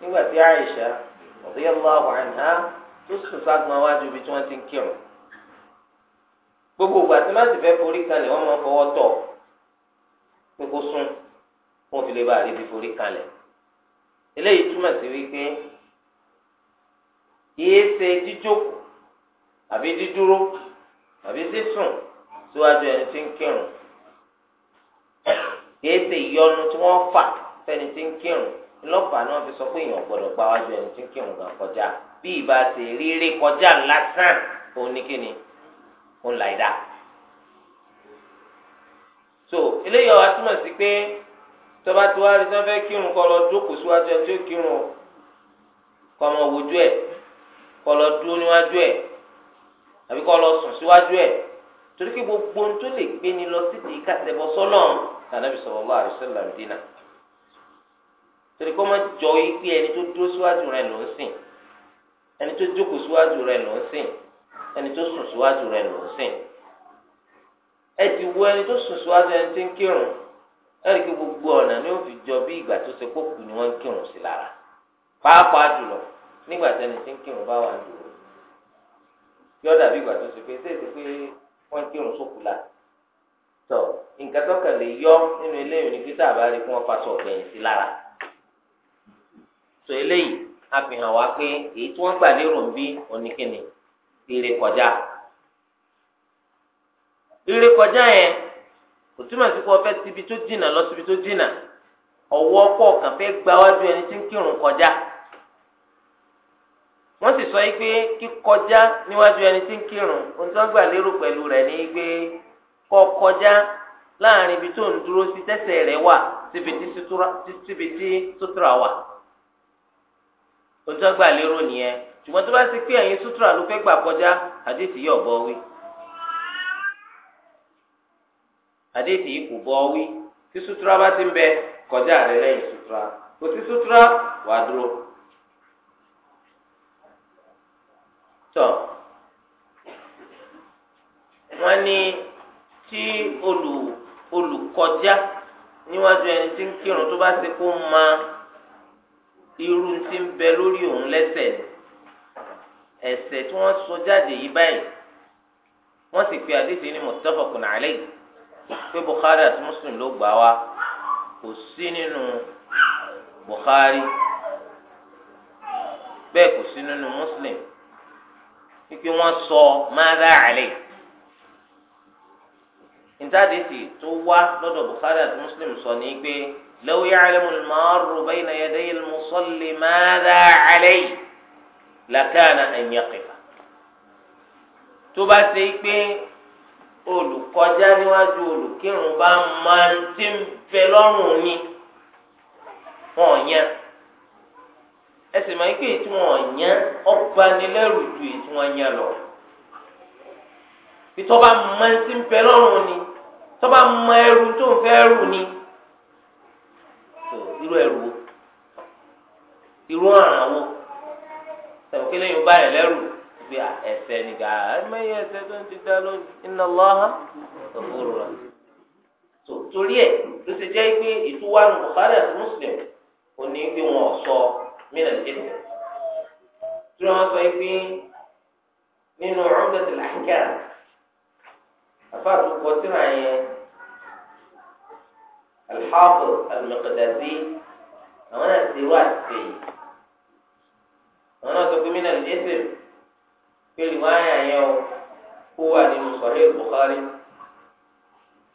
nígbà tí Aisha radiyallahu anha tó sùn ságbọn wájú bí tí wọ́n ti ń kírun gbogbo ìgbà tí má sì fẹ́ forí kalẹ̀ wọ́n máa fọwọ́ tọ̀ pé kó sún kó fi lè bá àríbi forí kalẹ̀ eléyìí túmọ̀ sí wípé kìí ṣe jíjókòó àbí dídúró àbí sísùn síwájú ẹni tí ń kírun kìí ṣe ìyọnu tí wọ́n fà fẹ́ni tí ń kírun ńlọ́pàá náà fi sọ pé èèyàn gbọ́dọ̀ gbáwájú ẹni tí ń kírun gan kọjá bí ìbá ṣe ríré kọjá lásán òun ní kíni òun là ìdá. so eléyìí ọ̀wá túmọ̀ sí pé tọ́ba tí wàá rí sọ́n fẹ́ kírun kọ́ lọ jókòó síwájú ẹ tí ó kírun kọ́ ọmọ wojú ẹ̀ kọ́ lọ dúró níwájú ẹ̀ àbí kọ́ lọ sùn síwájú ẹ̀ torí pé gbogbo ohun tó lè gbé ni lọ sídìí kàtẹ́bọ sọ́lọ̀ tànàbí sallallahu alaihi wasallam dínà torí kọ́ máa jọ yí pé ẹni tó dúró síwájú rẹ̀ ló ń ẹni tó jókòó síwájú rẹ̀ ló ẹni tó sùn síwájú rẹ̀ ló ń sìn ẹ ti wo ẹni tó sùn síwájú ẹni tí ń kírun ẹni gbogbo ọ̀nà ni ó fi jọ bí ìgbà tó ṣe kókù ni wọ́n ń kírun sí lára pàápàá jùlọ nígbà tí ẹni tí ń kírun bá wà ń dúró yọ dàbí ìgbà tó ṣe pé ṣé èsì pé wọ́n ń kírun sókù là tọ nǹkan tó kàn lè yọ nínú eléyìí ni peter abari kí wọ́n faṣọ ọ̀gbẹ̀yìn sí lára tó eléyìí a fi hàn wá pé èyí tí wọ́n gbà lérò ń bí oníkíni ire ìrékọjá yẹn kò túmọ̀ sí kó o fẹ́ síbi tó jìnnà lọ síbi tó ọwọ́ fẹ́ gba wájú ẹni tí ń kírun kọjá wọ́n sì sọ yìí pé kíkọjá níwájú ẹni tí ń kírun ohun tí wọ́n gbà lérò pẹ̀lú rẹ̀ ni pé kọ́ kọjá láàrin ibi tó ń ojú ọgbà lérò nìyẹn ṣùgbọ́n tó bá ti pé ẹ̀yin sutura ló fẹ́ gbà kọjá àdéhìí yọ̀ bọ́ wí àdéhìí kò bọ́ wí tí sutura bá ti ń bẹ kọjá rẹ lẹ́yìn sutura kò sí sutura wàá dúró. tọ́ wọ́n ní tí olùkọjá níwájú ẹni tí ń kírun tó bá ti irú tí ń bẹ lórí òun lẹ́sẹ̀ ni ẹ̀sẹ̀ tí wọ́n sọ jáde yìí báyìí wọ́n sì pe àdéhùn ní muttafaqun alayhi pé Bukhari àti Muslim ló gbà wá kò sí nínú Bukhari bẹ́ẹ̀ kò sí nínú Muslim pípé wọ́n sọ mada alayhi ìtàdé tó wá lọ́dọ̀ Bukhari àti Muslim sọ ní pé. لو يعلم المار بين يدي المصلي ماذا عليه لكان أن يقف tó bá ṣe pé olùkọjá níwájú olùkírun bá máa ń ti ń fẹ́ lọ́rùn ni wọn yẹn ẹ sì máa ń pè tí wọn yẹn ọba nílẹ̀rù ju èyí tí wọn yẹn lọ bí tọ́ba máa ń ti ń fẹ́ lọ́rùn ni tọ́ba máa ẹrù tó ń fẹ́ rù ni irú ẹ̀rù wo irú ọ̀ràn wo sẹ̀wọ́n kí lẹ́yìn bá yẹn lẹ́rù bí ẹ̀ṣẹ̀ nìgbà ẹ̀mẹ́yẹ ẹ̀ṣẹ̀ tó ń ti dá lórí iná lọ́hán òfurufú rẹ̀ tó torí ẹ̀ ló ti jẹ́ pé ìtúwánu Bukhari àti Muslim ò ní pé wọn sọ mílẹ̀ jẹ́tẹ̀ tí wọ́n sọ pé nínú Umdatul Ahkam àfáàtúkọ̀ síra yẹn Al-Hafiz al àwọn náà ti wá àtìsè yìí àwọn náà sọ pé mínà ní ẹsẹ pé ìwáyà yẹn o kó wà nínú sọhíì Bukhari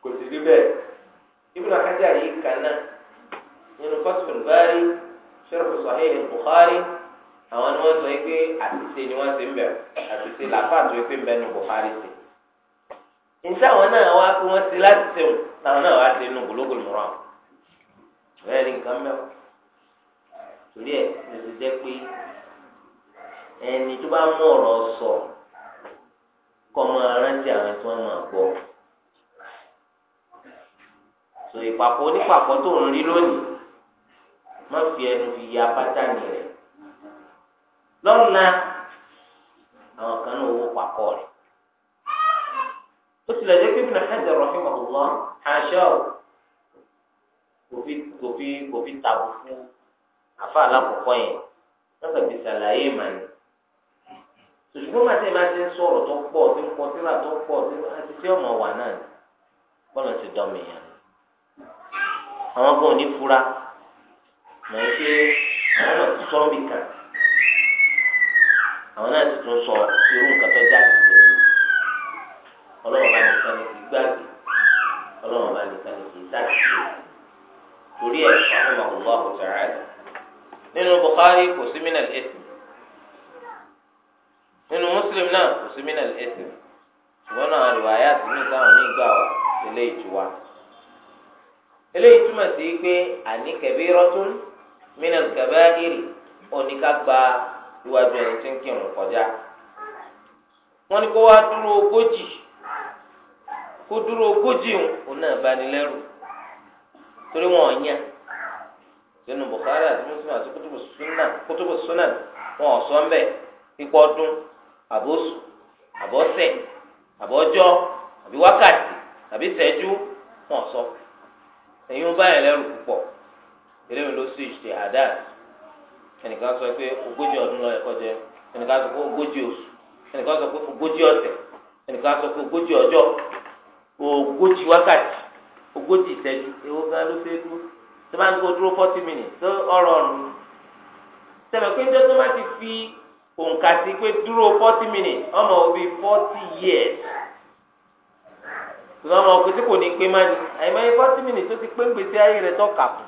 kò sì rí bẹ́ẹ̀ Ibn Hajar yìí kan náà nínú Fathul Bari Sharh sọhíì Bukhari àwọn ni wọ́n sọ yìí pé àtìsè ni wọ́n ti ń bẹ àtìsè làfà tó yẹ ń bẹ nínú Bukhari sí nṣẹ́ àwọn náà wá pé wọ́n ti láti sèwọ̀n táwọn náà wá ti nù gbólógbòlùmọ́ràn bẹ́ẹ̀ ni nǹkan mẹ́wàá torí ẹ̀ ló ti jẹ́ pé ẹni tó bá mú ọ̀rọ̀ sọ kọ́ máa rántí àwọn tí wọ́n máa gbọ́ sọ ìpapọ̀ onípapọ̀ tó ń rí lónìí má fi ẹnu fi ya pátánì rẹ̀ lọ́la àwọn kan náà wó papọ̀ rẹ̀ ó tilẹ̀ jẹ́ pé Ibn Hajar rahimahullah àṣà ò kò fi kò fi kò fi tàbùkù afa alakoko yẹn lọ́kàn fi ṣàlàyé ìmàlẹ́ ṣùgbọ́n màtí ma ti ń sọ̀rọ̀ tó pọ̀ tí ń kọ síra tó pọ̀ tí àti tí ọmọ wà náà bọ́lá ti dọ́mi yẹn àwọn kan ò ní fura mọ̀ ẹ́ pé àwọn náà ti sọ́ mi kàn àwọn náà ti tún sọ irú nǹkan tó jáde tẹ̀lé ọlọ́run bá nìkan ní kí gbàgbé ọlọ́run bá nìkan ní kí sáà tẹ̀lé torí ẹ̀ fàkùnmọ̀ ọ̀gbọ́n àkùtà rẹ̀ nínú Bukhari kò sí minal ism nínú Muslim náà kò sí minal ism ṣùgbọ́n náà àríwá ayé àti ní ìtàn ní ìgbà wa eléyìí tú wa eléyìí túmọ̀ sí pé àní kabiratun minal kaba'iri oníkàgbà iwájú ẹni tí ń kírun kọjá wọ́n ní kó wá dúró ogójì kó dúró ogójì òun náà bá ní lẹ́rù torí wọn ò yàn nínú Bukhari àti Muslim àti kutubu sunan kutubu sunan wọn ọsọ mbẹ ikú ọdún àbóṣù àbọ̀sẹ̀ àbọ̀jọ́ àbí wákàtí àbí sẹ́jú wọn ò sọ bá yẹn lẹ́rù púpọ̀ eléyìí ló sì ṣe àdáà ẹnìkan sọ pé ogójì ọdún lọ́yẹ̀ kọjá ẹnìkan sọ pé ogójì oṣù ẹnìkan sọ pé ogójì sọ pé ogójì ogójì wákàtí ogójì gan ló tó bá ń gbó dúró forty minutes tó ọ̀rọ̀ ọ̀rùn sẹ́mi pé njẹ́ tó bá ti fi òǹkà sí pé dúró forty minutes ọmọ òbí forty years tó ọmọ òkú tí kò ní pé má ní àyìnbá yẹn forty minutes tó ti pé ń gbèsè ayé rẹ̀ tó kà kù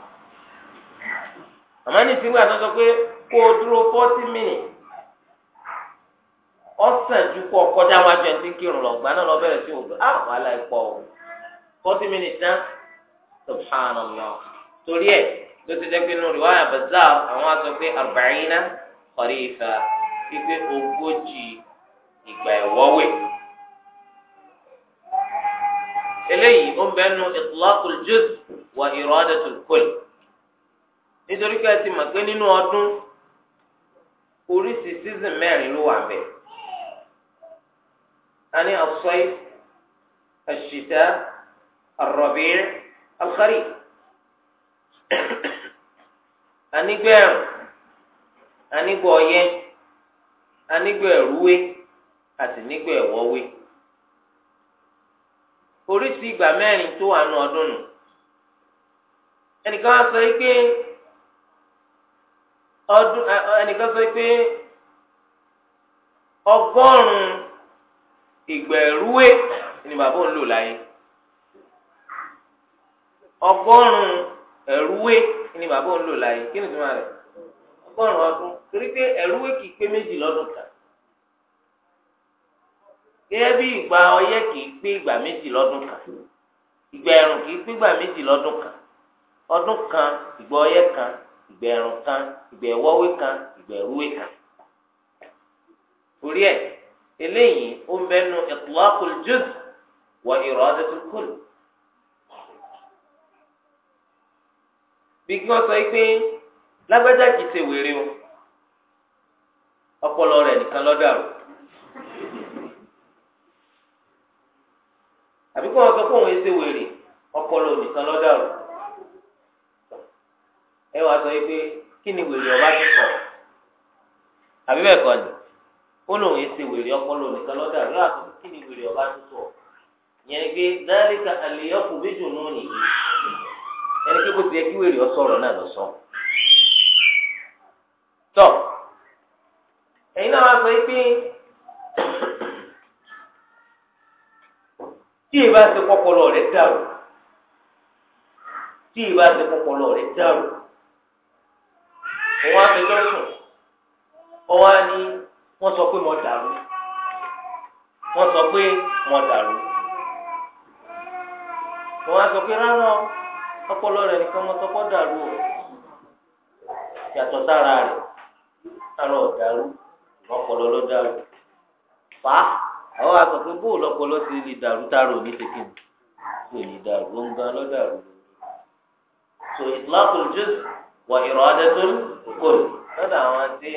àmọ́ ní ìsìnkú àtọ́sọ pé kó o dúró forty minutes ọsàn ju kọ kọjá wọn àjọ ẹtí kírun lọ gbaná lọ bẹ̀rẹ̀ sí òdo àwọn aláìpọ o forty minutes náà subhanallah torí ẹ̀ ló ti jẹ́ pé inú rẹ̀ wáyà bàzá àwọn aṣọ pé àrùbáyínà kọ̀rí ìfà wípé ogójì ìgbà ìwọ́wẹ̀. eléyìí ó ń bẹ nu ìtìlákùl jùz wà ìrọ̀dẹ̀tùl kùl nítorí pé ẹ ti mọ̀ pé nínú ọdún oríṣi season mẹ́rin ló wà bẹ̀. a ní as-sayf ash-shita anigbó ẹ̀rùn anigbó ọyẹ́ anigbó ẹ̀rúwé àti nígbó ẹ̀wọ́wé oríṣi ìgbà mẹ́rin tó wà nù ọdún nù ẹnìkan sọ yìí pé ọdún ẹnìkan sọ yìí pé ọgọ́rùn-ún ìgbà ẹ̀rúwé ni bàbá òun lò láyé ọgọ́rùn ẹrúwé ni bàbá òun lò láàyè kí ni tó máa rẹ ọgọ́rùn ọdún torí pé ẹrúwé kì í pé méjì lọ́dún kan gẹ́gẹ́ bí ìgbà ọyẹ́ kì í pé ìgbà méjì lọ́dún kan ìgbà ẹ̀rùn kì í pé ìgbà méjì lọ́dún kan ọdún kan ìgbà ọyẹ́ kan ìgbà ẹ̀rùn kan ìgbà ẹ̀wọ́wé kan ìgbà ẹ̀rúwé kan torí ẹ eléyìí ó ń bẹnu itlaqul juz wa iradatul kull. bí kí wọ́n sọ yìí pé lágbájá kìí ṣe wèrè o ọpọlọ rẹ̀ nìkan ló dàrú àbí kí wọ́n sọ pé òun ṣe wèrè ọpọlọ nìkan ló dàrú ẹ wàá sọ yìí pé kí ni wèrè ọba ti sọ àbí bẹ́ẹ̀ kọ́ ni ó lóun ṣe wèrè ọpọlọ nìkan ló dàrú láti kí ni wèrè ọba ti sọ yẹn gbé dáríkà àlèyọ́kù méjì nù nìyí ẹni pé kò tiẹ̀ kí wèrè ọ̀sọ̀rọ̀ náà lọ sọ. tọ́ ẹ̀yin náà wá sọ pé tí ìbá ṣe kọ́kọ́rọ́ rẹ̀ dàrú tí ìbá ṣe kọ́kọ́rọ́ rẹ̀ dàrú òun á fi lọ́sùn òun á ní wọ́n sọ pé mo dàrú wọ́n sọ pé mo dàrú òun á sọ pé rárá o ọpọlọ rẹ nìkan mọ tọkọ dàrú o yàtọ̀ sára rẹ sára ọ̀dàrú ọpọlọ ló dàrú fà á àwọn àgbàpẹ bó lọpọlọ ti lè dàrú tààrà òní tètè kò ní dàrú ó ń gan lọ dàrú so itlaqul juz wa iradatul kull lọ́dọ̀ àwọn tí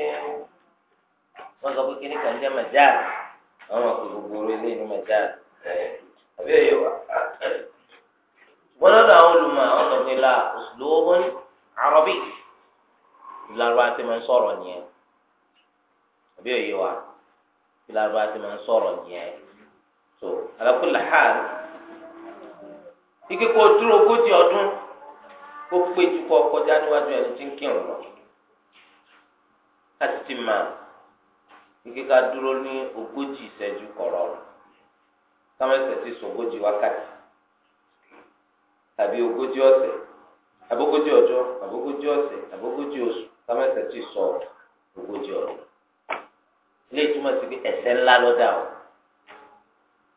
wọ́n sọ pé kíní kan jẹ́ màjáàlì àwọn àpò gbogbo orí lẹ́yìn màjáàlì àbí ẹ̀yọ́ wa wọn lọ́dọ̀ àwọn olùmọ̀ àwọn sọ pé la uslubun arabi ìlàrúbá ti máa ń sọ̀rọ̀ nìyẹn àbí òye wa ìlàrúbá ti máa ń sọ̀rọ̀ nìyẹn so ala kulli hal ike kó dúró ogójì ọdún kó péjú kọ kọjá níwájú ẹni tí ń kírun lọ láti ti máa ike ká dúró ní ogójì ìṣẹ́jú kọ̀rọ̀ kámẹ́sẹ̀ ti sọ ogójì wákàtí tàbí ogójì ọ̀sẹ̀ àbógójì ọjọ́ àbógójì ọ̀sẹ̀ àbógójì oṣù kámẹ́sẹ̀ ti sọ ogójì ọdún ilé ìtumọ̀ sí pé ẹ̀ṣẹ̀ ńlá lọ́dà o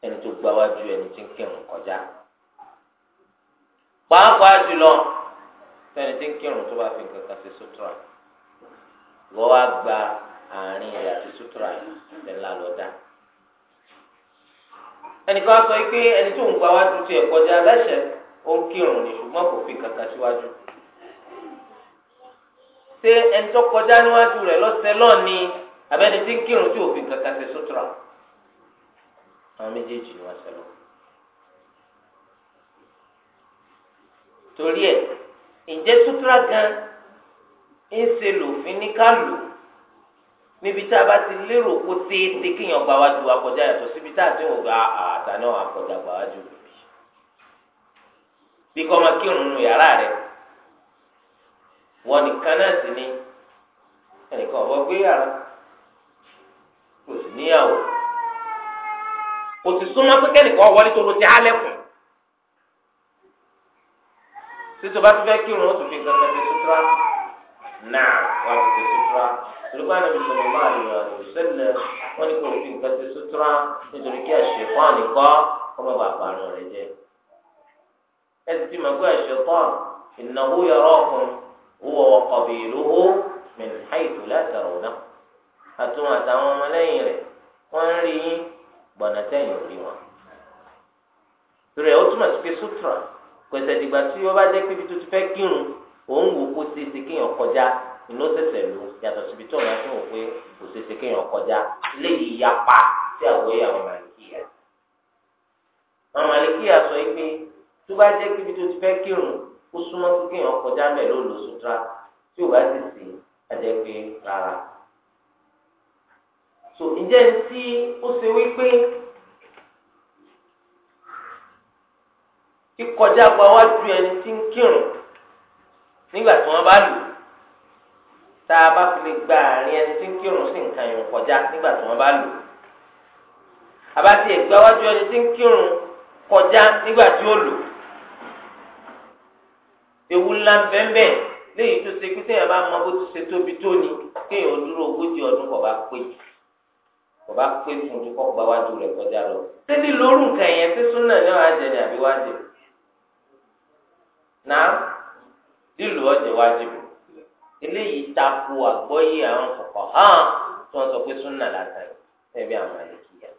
ẹni tó gba ju ẹni tí ń kírun kọjá pàápàá jùlọ ẹni tí ń kírun tó bá fi nǹkan kan ṣe sutura wọ́n wá gba àárín rẹ̀ àti sutura ẹ̀ṣẹ̀ ńlá lọ́dà ẹnì kan sọ pé ẹni tó ń gba wájú tiẹ̀ kọjá lẹ́sẹ̀ẹ́ ó ń kírun ní ṣùgbọ́n kò fi kankan síwájú. ṣé ẹni tó kọjá níwájú rẹ̀ lọ́sẹ̀ lọ́ọ̀ni abẹ́ni tí ń kírun tí òfin kankan ṣe sutura àwọn méjèèjì ni wọ́n ṣe lọ. torí ẹ̀ ǹjẹ́ sutura gan ń ṣe lòfin ní ká lò níbi tá a bá ti lérò kó tètè kéèyàn gbáwájú akọjá yàtọ̀ síbi tá a ti ń gba àtàná akọjá gbáwájú rẹ̀ bí kò máa kírun nù yàrá rẹ̀ wọ́n nìkan náà sì ni ẹnìkan ọ̀bọ gbé yàrá kò sì níyàwó kò sì súnmọ́ pé kẹ́nìkan wọlé tó ló ti á lẹ́kùn títí o bá tún fẹ́ kírun ó tún fi nǹkan kan ṣe sutura náà wọ́n ti ṣe sutura olùkọ́ àná mi sọ̀rọ̀ máa lè rà lò sẹ́lẹ̀ wọ́n ní kò fi nǹkan ṣe sutura nítorí kí àṣẹ fún àníkọ́ ọmọ bàbá rẹ̀ jẹ́. ẹtì mago gbọ́ ẹ̀ṣẹ̀ tán innahu yarakum huwa wa qabiluhu min haythu la tarawna. àtàwọn ọmọlẹ́yìn rẹ̀ wọ́n rí yín gbọ̀nà wọn. rẹ̀ ó túmọ̀ sí pé sutra tí ó ibi tó ti fẹ́ kírun òun wò kó ṣe é ṣe kéèyàn kọjá iná ṣẹ̀ṣẹ̀ lò yàtọ̀ síbi tí pé kò ṣe é ṣe kéèyàn tó bá jẹ́ kíbi tó ti fẹ́ kírun ó súnmọ́ kó kéèyàn kọjá mẹ́ ló lò sutura tí ò bá ti sè é ajẹ́ pé rárá. so ǹjẹ́ tí ó ṣe wípé kíkọjá gba wájú ẹni tí ń kírun nígbà tí wọ́n bá lù tá a bá fi lè gba àárín ẹni tí ń kírun sí nǹkan ìrìn kọjá nígbà tí wọ́n bá lù àbá tiẹ̀ gbáwájú ẹni tí ń kírun kọjá nígbà tí ó lù ewu ńlá bẹ́ẹ̀ léyìí tó ṣe pété yẹn bá mọ bó ti ṣe tóbi tóni kéèyàn dúró ogójì ọdún kọ̀ bá pé kọ̀ bá pé fún un kọ́ gba wájú rẹ̀ kọjá lọ. ṣé ní lóru nǹkan ẹ̀yẹ tí súnà ní wàá ni àbí wájú? náà lílo ọ̀jẹ̀ wájú eléyìí takò àgbọ́yé àwọn kọ̀kọ̀ hàn tí wọ́n sọ pé súnà lásán ẹ̀bí àwọn àlèkìyà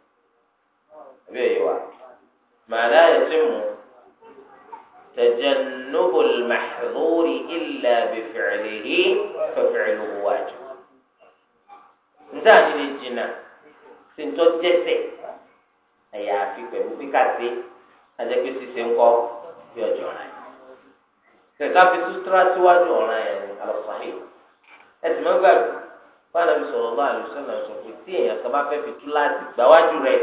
ẹ̀bí ẹ̀yẹ wa màdá ẹ̀ tí mò ń تجنب المحظور إلا بفعله ففعله واجب ntaani le jina sentɔ dɛsɛ ɛyà afi pẹ̀lú pikasi adeke sise ŋkɔ yɔ jɔra yi kẹkẹ afi sutura tiwaju ọ̀ràn yẹn ni alọsọhi ẹsì mẹ gbàgbé wọn àdàbí sọ̀rọ̀ lọ àlùsọ náà sọ pé tí èèyàn kan bá fẹ́ fi tú láti gbáwájú rẹ̀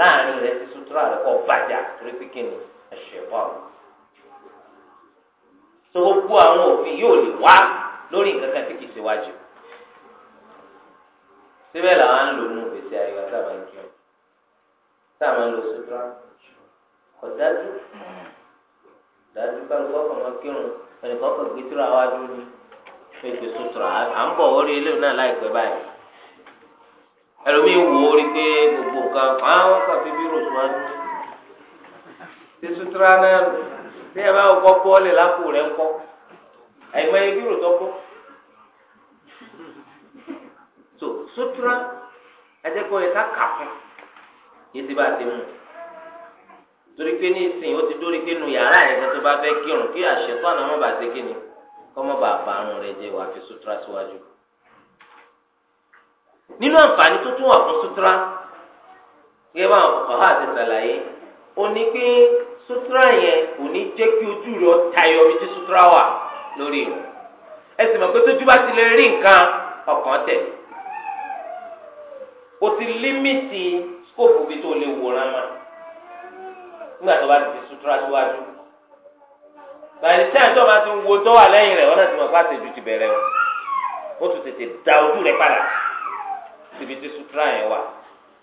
láàrin rẹ̀ sí sutura rẹ̀ kọ bàjá torí pé kéènì ẹ̀ṣẹ̀ o. tó gbogbo àwọn òfin yóò lè wá lórí nǹkan kan tí kì í ṣe wájú. síbẹ̀ làwọn ń lò wa sábà ń ọ sábà ń lò sutura kò dájú dájú kálukọ́ kọ̀ máa kírun ẹnìkan gbé sutura à ń bọ̀ orí ilé náà láìpẹ́ báyìí ẹlòmíín wò ó rí gbogbo nǹkan àwọn kan fi bí rò ṣe sutura náà lò bí ẹ bá wọ bọ́ọ̀lì lápò rẹ̀ ńkọ́ àyìnbó ayé bí ròtọ́ so sutura ẹ̀dẹ́kọ̀ yẹ ká kà fún yìí ti bá ti mú torí pé ní ìsìn ó ti dórí pé nu yàrá yẹn tó bá fẹ́ kírun kí àṣetọ́ àná má bàa ṣe ni kọ́ má bàa bá àrùn rẹ jẹ wàá fi sutura síwájú. nínú àǹfààní tó tún wà fún sutura gẹ́gẹ́ bá àwọn kọ̀ọ̀há àti sàlàyé ó ní pé sutura yẹn kò ní jẹ́ kí ojú rẹ tayọ bí tí sutura wà lórí rẹ ẹ sì mọ̀ pé tójú bá ti lè rí nǹkan ọkàn tẹ̀ o ti límìtì skóòpù bí tó lè wòran ma nígbà tó bá ti fi sutura síwájú báyìí tí àìsàn bá ti ń wo tó wà lẹ́yìn rẹ̀ ọ̀nà tí mo pàṣẹ ju ti bẹ̀rẹ̀ o ó tún tètè da ojú rẹ̀ padà síbi tí sutura yẹn wà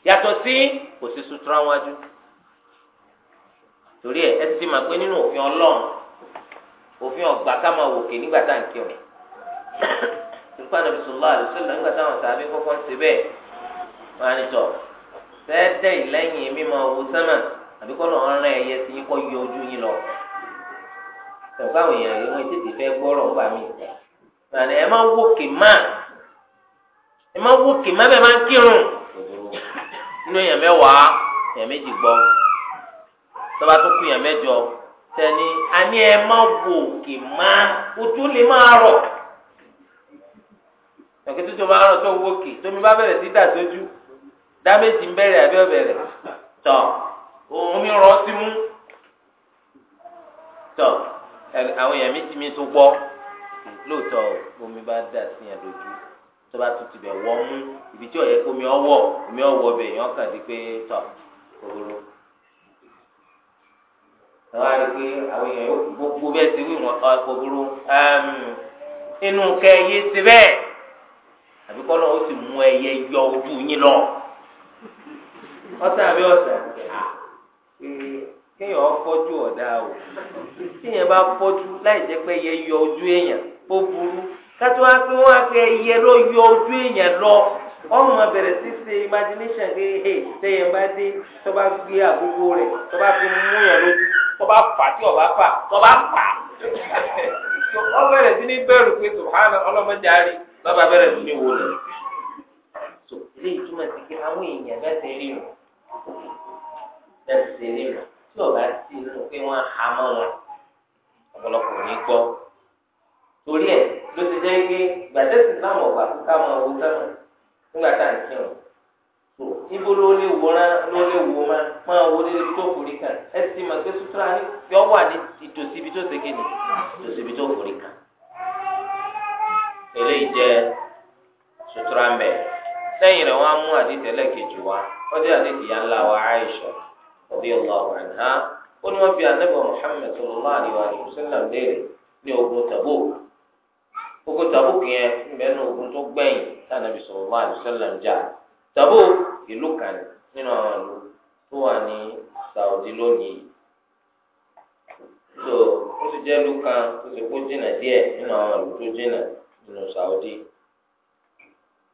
yàtọ̀ sí kò sí sutura wájú torí ẹ ẹ ti máa pé nínú òfin Ọlọ́run òfin ọgbà ká máa wòkè nígbà tá à ń kí ọ nípa nàbí sallallahu alaihi wasallam nígbà táwọn sàbí kọ́kọ́ ń ṣe bẹ́ẹ̀ wọn á ní tọ sẹẹdẹ ìlẹ́yìn mi máa wo sẹmà àbí kọ́ lọ́n rán ẹyẹ sí yín kọ́ yọ ojú yín lọ ẹ̀ka àwọn èèyàn yìí wọ́n tètè fẹ́ gbọ́rọ̀ ńgbà mí ìgbà ẹ máa wòkè má ẹ máa wòkè má bẹ́ẹ̀ máa ń kírun nínú èèyàn mẹ́wàá èèyàn méjì gbọ́ tọ́ba tó kú yàn mẹ́jọ tẹ̀ni àní ẹ má wò òkè má ojú lè má rọ̀ ẹ̀kẹ́ tó tó má rọ̀ tó wò òkè tómi bá bẹ̀rẹ̀ sí dà sójú dáméjì ń bẹ̀rẹ̀ àbí ọ̀bẹ̀rẹ̀ tọ̀ omi rọ̀ sí mú tọ̀ àwọn èèyàn mi ti mi tó gbọ́ lóòótọ́ omi bá dà sí yàn lójú tọ́ba tó ti bẹ̀ wọ́ mú ibi tí ọ̀yẹ́ kó mi ọwọ́ mi ọwọ́ bẹ̀ yàn kàn di pé tọ̀ òhòrò. àwọn àrígbé àwọn èèyàn gbogbo bẹ́ẹ̀ ti wí wọn ọkọ̀ burú inú kẹ yé ti bẹ́ẹ̀ àbí kọ́ náà ó sì mú ẹyẹ yọ ojú yín lọ ọ̀sán àbí ọ̀sán kéèyàn fọ́jú ọ̀dà o tíyẹn bá fọ́jú láì jẹ́ pé ẹyẹ yọ ojú èèyàn ó burú kátó wá pé wọ́n á fẹ́ ẹyẹ lọ yọ ojú èèyàn lọ bẹ̀rẹ̀ sí ṣe imagination pé bá dé tó bá gbé àgógó rẹ̀ tó bá fi mú yàn tọ́ba fà tí ọba fà tọ́ba fà ọ bẹ̀rẹ̀ sí ní bẹ̀rù pé subhana ọlọ́mọdé àárín bàbá bẹ̀rẹ̀ sí ní wọlé tó ilé ìtumọ̀ sí pé àwọn èèyàn mẹ́sẹ̀ rí wọn mẹ́sẹ̀ rí wọn tí ọba sí inú pé wọ́n há mọ́ wọn ọ̀pọ̀lọpọ̀ ní gbọ́ torí ẹ̀ ló ti jẹ́ pé gbàdẹ́sì láwọn ọ̀gbà tó ká mọ owó sẹ́wọ̀n nígbà tá à ń kírun. ibo ló lè wòran ló lè wò ma máa wò lè tó forí kan ẹ sì mà pé sutura ni yọ wà ní ìtòsí ibi tó segin ni ìtòsí ibi tó forí kan jẹ sutura mbẹ lẹ́yìn rẹ̀ wọn mú wa ọdẹ àdìtìyà ńlá wa Aisha ó ní wọn fi anábọ léèrè ní ogun ogun ń bẹ ní ogun tó tí anábì ìlú kan nínú àwọn ìlú tó wà ní Saudi lónìí so ó sì jẹ́ ìlú kan tó ti kó jìnnà díẹ̀ nínú àwọn ìlú tó jìnnà nínú Saudi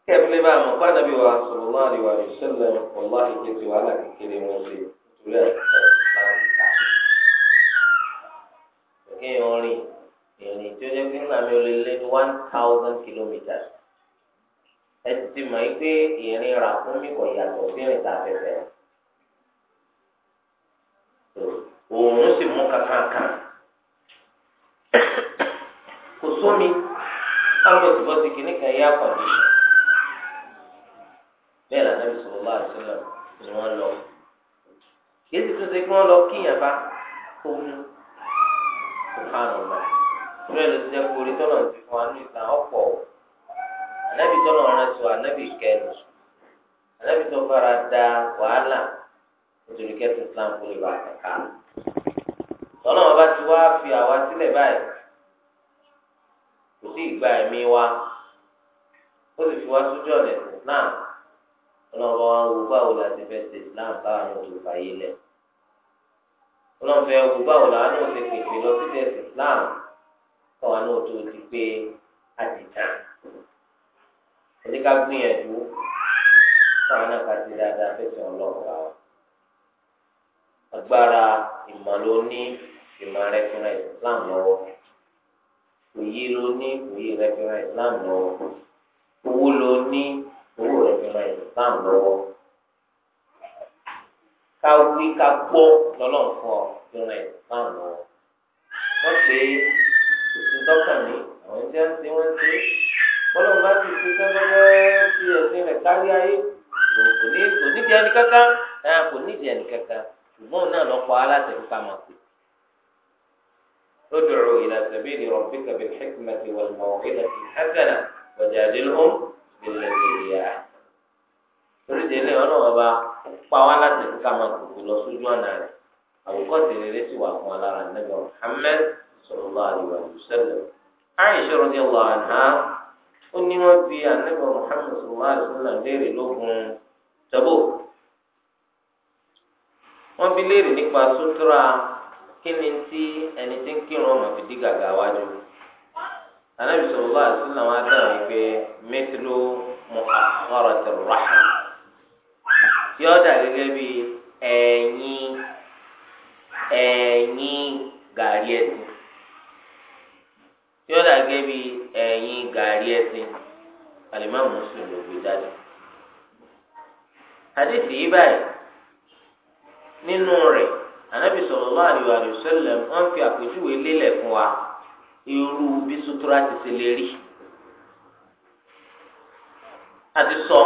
kẹ́ẹ̀fẹ́lẹ́ bá àwọn ọ̀pá nàbí wa sọ̀rọ̀ máa rí wa rí sẹ́lẹ̀ ọ̀la ìjẹ́ ti wàhálà kékeré wọn ṣe nítorí àtúntà láti ká. orin ìrìn tí ó jẹ́ pé ńlá mi ò lè lé ní one thousand kilometres ẹtì ti mọ̀ pé ìrìn ra fún mi kò yàtọ̀ sí ìrìn ta fẹ́fẹ́ òun sì mú kankankan kò sómi albert bọ́sì kìíní kan yá kọ̀díṣà bẹ́ẹ̀ lànà bisọ̀rọ̀ bá àṣìlẹ̀ ni wọ́n lọ kìí sì tún ṣe kí wọ́n lọ kíyàn bá omi kò fáànù náà fúnra ẹ̀ ló ti jẹ́ kó orí tọ́nà ti fún wa nínú ìtàn ọ̀pọ̀ ọ̀. anabi tọ́nà ọ̀ràn anabi kẹnu anabi tó fara da wàhálà nítorí kẹ́tù islam kó lè ba àkàkà tọ́nà ọba ti wá fi àwa sílẹ̀ báyìí kò sí ìgbà wa ó sì fi wá sójú ọ̀nà islam tọ́nà wa wo báwo la ti fẹ́ ṣe islam báwa ní òṣèlú fàyè lẹ̀ tọ́nà ọba wo báwo la ní òṣèlú pèpè lọ sí ìdẹ́sì islam káwa ní òtún ti ẹni ká gbìyànjú táwọn náà ká ti dáadáa fẹsẹ̀ ọlọ́ọ̀gá wa agbára ìmọ̀ ló ní ìmọ̀ rẹ fi ran Islam lọ́wọ́ òye ló ní òye rẹ fi ran Islam lọ́wọ́ owó ló ní owó rẹ Islam lọ́wọ́ ká wí ká gbọ́ lọ́lọ́run fún ọ fi Islam lọ́wọ́ wọ́n pé òsín dọ́kàn ní àwọn ẹni tí wọ́n ń ṣe wọ́n bọ́lọ́mù bá ti ṣe sẹ́fẹ́fẹ́ fi ẹ̀sìn rẹ̀ kárí ayé kò ní kò nídìí ẹni kankan ẹ̀ kò nídìí ẹni kankan ṣùgbọ́n náà lọ́pọ̀ aláṣẹ kíkà máa pè. ادعو إلى سبيل ربك بالحكمة والموعظة الحسنة وجادلهم بالتي هي أحسن torídéé lé ọlọ́run ọba pa wá láti ká máa kókó lọ sójú ọ̀nà rẹ̀ àwòkọ́ sì rere sì wà fún alára nàbẹ̀ Muhammad sallallahu ó ní wọ́n bi anábọ̀ Muhammad sallallahu alaihi wasallam léèrè lógun Tabó wọ́n bi léèrè nípa sutura kí ni tí ẹni tí ń kírun ọmọ fi dí gàgà wájú anábì sallallahu alaihi wasallam wọn dáhùn wípé mithlu mu'akhkharati ar-rahm yóò dà gẹ́gẹ́ bí ẹ̀yìn ẹ̀yìn gàrí ẹ̀sìn yóò dà gẹ́gẹ́ bí. ẹ̀yin gàrí ẹ̀sìn alimami muslim ló gbé jáde. hadith yìí báyìí nínú rẹ̀ anabi sallallahu alaihi wa sallam wọ́n fi àpèjúwe fún wa irú bí sutura ti ṣe lè rí. a sọ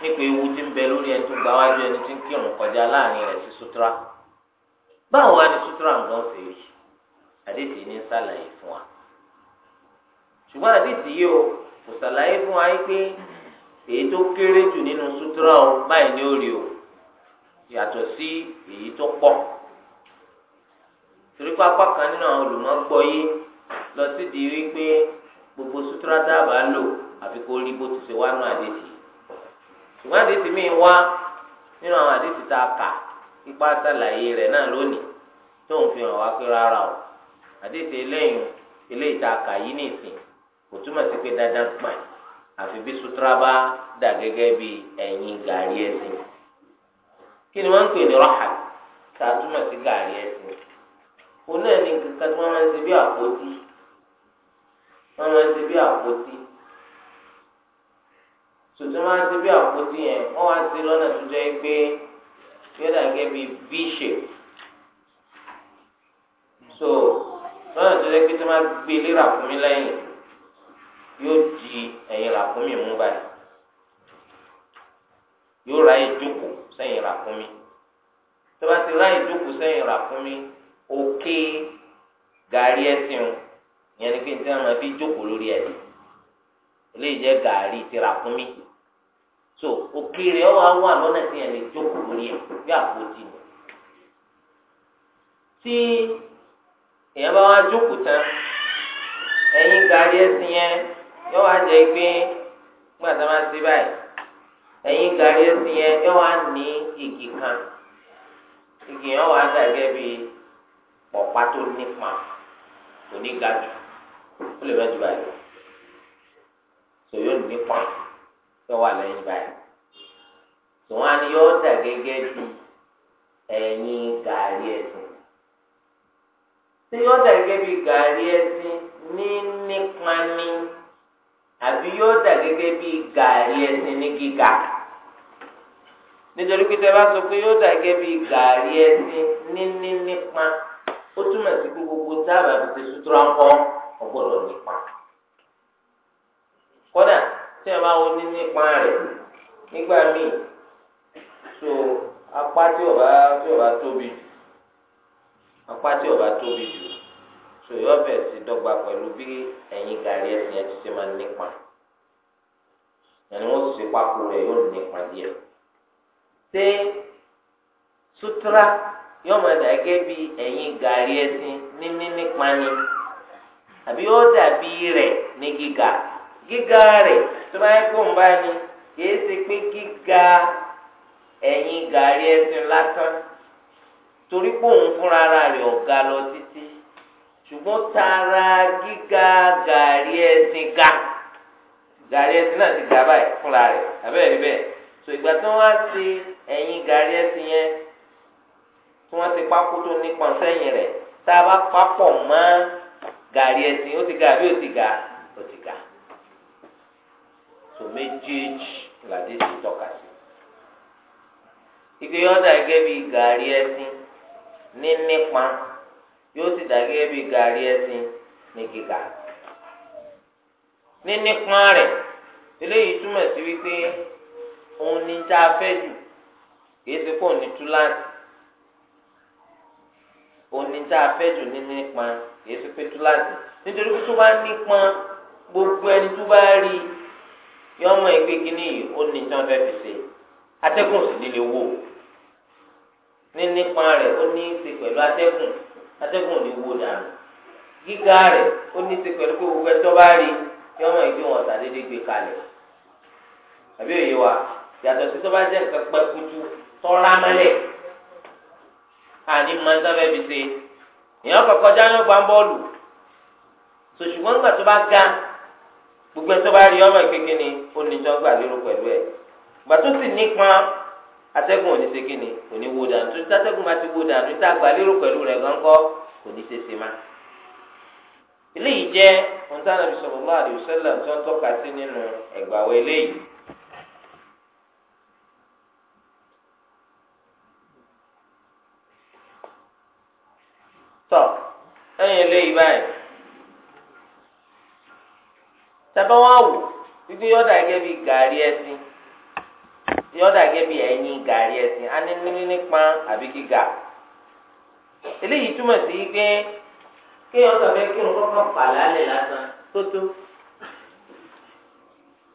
nípa ewu ń bẹ lórí ẹni tó gba wájú ẹni tí ń kírun kọjá láàrin sí sutura. báwo wá ni sutura ń gbọ́n hadith yìí ṣùgbọ́n àdìsí yìí o kò ṣàlàyé fún wa yìí pé èyí tó kéré jù nínú sutura o báyìí ní orí o yàtọ̀ sí èyí tó pọ̀ torí pé apá kan nínú àwọn olùmọ̀gbọ́ yìí lọ sí di wípé gbogbo sutura tá a bá lò àfi kó rí bó ti ṣe wá nù àdìsí ṣùgbọ́n àdìsí mi wá nínú àwọn àdìsí tá a kà ipa ṣàlàyé rẹ̀ náà lónìí tó ń fi hàn wá pé rárá o àdìsí eléyìí eléyìí tá a kà yìí nìsín kò túmọ̀ sí pé dandan gbà àfi bí sutura bá dà gẹ́gẹ́ bí ẹ̀yin gàrí ẹ̀sìn kí ni wọ́n ń pè ní rọ́hà tá a túmọ̀ sí gàrí ẹ̀sìn òun náà ní kankan tí wọ́n máa ń ṣe bí àpótí wọ́n máa ń ṣe bí àpótí tuntun máa ń ṣe bí àpótí yẹn wọ́n wá sí lọ́nà tó jẹ́ pé yóò dà gẹ́gẹ́ bí v-shape so lọ́nà tó jẹ́ pé tó máa gbé lérà fún mi lẹ́yìn yóò di ẹ̀yìn ràkúnmí mú báyìí yóò ra ìjókòó sẹ́yìn ràkúnmí tó bá ti ra ìjókòó sẹ́yìn ràkúnmí òkè gàrí ẹ̀sìn o ni pé ní tí wọ́n máa fi jókòó lórí ẹ̀ eléyìí jẹ́ gàrí ti ràkúnmí so òkè rẹ̀ ọ̀ wá wà lọ́nà tí yẹn lè jókòó lórí ẹ̀ bí àpótí ni tí èèyàn bá wá jókòó tán ẹ̀yìn gàrí ẹ̀sìn yẹn. yọ wá jẹ́ pé gbàtà máa ti báyìí ẹ̀yin gàrí yẹn yọ wá ní igi kan igi yẹn wà dàgẹ́ bí tó nípa kò ní ga jù ó lè báyìí nípa yọ wà lẹ́yìn báyìí tó wá yọ dà gẹ́gẹ́ bí ẹ̀yin gàrí tí yọ dà bí gàrí àbí yóò dà gẹ́gẹ́ bí gàrí ẹṣin ní gíga nítorí pé tẹ bá sọ pé yóò dà gẹ́gẹ́ bí gàrí ẹṣin ní ní nípa ó túmọ̀ sí pé gbogbo sutura ń kọ́ nípa kódà tí ẹ bá wo ní nípa so apá tí ò sòyọ́ bẹ̀ ti dọ́gba pẹ̀lú bí ẹ̀yin gàrí ẹ̀sìn ma ṣe máa nípa ẹni wọ́n sì ṣe pákó yóò nípa ṣé sutura yóò máa dà gẹ́gẹ́ bí ẹ̀yin gàrí ẹ̀sìn níní nípa ni àbí yóò dàbí rẹ̀ ní gíga gíga rẹ̀ tó bá kìí ṣe pé gíga ṣùgbọ́n tààrà gíga gàrí ẹ̀sìn ga gàrí ẹ̀sìn náà ti ga báyìí fúnra rẹ̀ abẹ́rẹ́ rí bẹ́ẹ̀ so ìgbà tí wọ́n á ti ẹ̀yìn gàrí ẹ̀sìn yẹn tí wọ́n ti pákó tó nípọn sẹ́yìn rẹ̀ tá a bá papọ̀ mọ́ gàrí ẹ̀sìn ó ti ga àbí ó ti ga ó ti ga so méjèèjì làdé ti tọ́ka sí ìgbéyàwó dàgẹ́ bíi gàrí ẹ̀sìn ní nípa. yóò sì dà gẹ́gẹ́ bí e ẹṣin ní kíkà níní pọ́n rẹ̀ eléyìí túmọ̀ sí wípé òun ní tá a fẹ́ jù kìí ṣe kó ní túláàsì òun ní tá a fẹ́ jù níní pọ́n kìí ṣe pé túláàsì nítorí pé tó bá gbogbo ẹni tó bá rí yọ ọmọ kínní yìí ó ní tí wọ́n fẹ́ fi ṣe atẹ́gùn sì nílé wò atẹ́gùn ò ní wó dànù gíga rẹ̀ ó ní ti pẹ̀lú pé gbogbo ẹtọ́ bá rí kí ọmọ ìdí wọn sàdédé gbé kalẹ̀ àbí òye wa yàtọ̀ sí tó bá jẹ́ nǹkan pẹ́ kutu tọ́ra mẹ́lẹ̀ àní mọ́tàfẹ́ fi ṣe èèyàn kọ̀kọ́ jáná gba bọ́ọ̀lù sòṣùgbọ́n nígbà tó bá ga gbogbo ẹtọ́ bá rí ọmọ ìkékeré ni ó níjọ́ gbà lérò pẹ̀lú ẹ̀ gbà tó sì nípa atẹ́gùn ò ní ṣe kíni kò ní wó dànù tó tátẹ́gùn bá ti wó dànù tá a gbà lérò pẹ̀lú rẹ̀ gánkọ́ kò ní ṣe ṣe má. eléyìí jẹ́ ohun tí Ànábì sallallahu alaihi wasallam tó ń tọ́ka sí nínú ẹ̀gbàwọ́ eléyìí. tọ́ ẹ̀yìn eléyìí báyìí tẹ́bá wá wò wípé yọ̀dà gẹ́gẹ́ bí gàrí ẹ̀sìn. yọ dà gẹ́gẹ́ bí ẹ̀yin gàrí ẹ̀sìn anínú nípa àbí gíga eléyìí túmọ̀ sí pé kéèyàn sọ fẹ́ kírun kọ́kọ́ pàlálẹ̀ lásán tó tó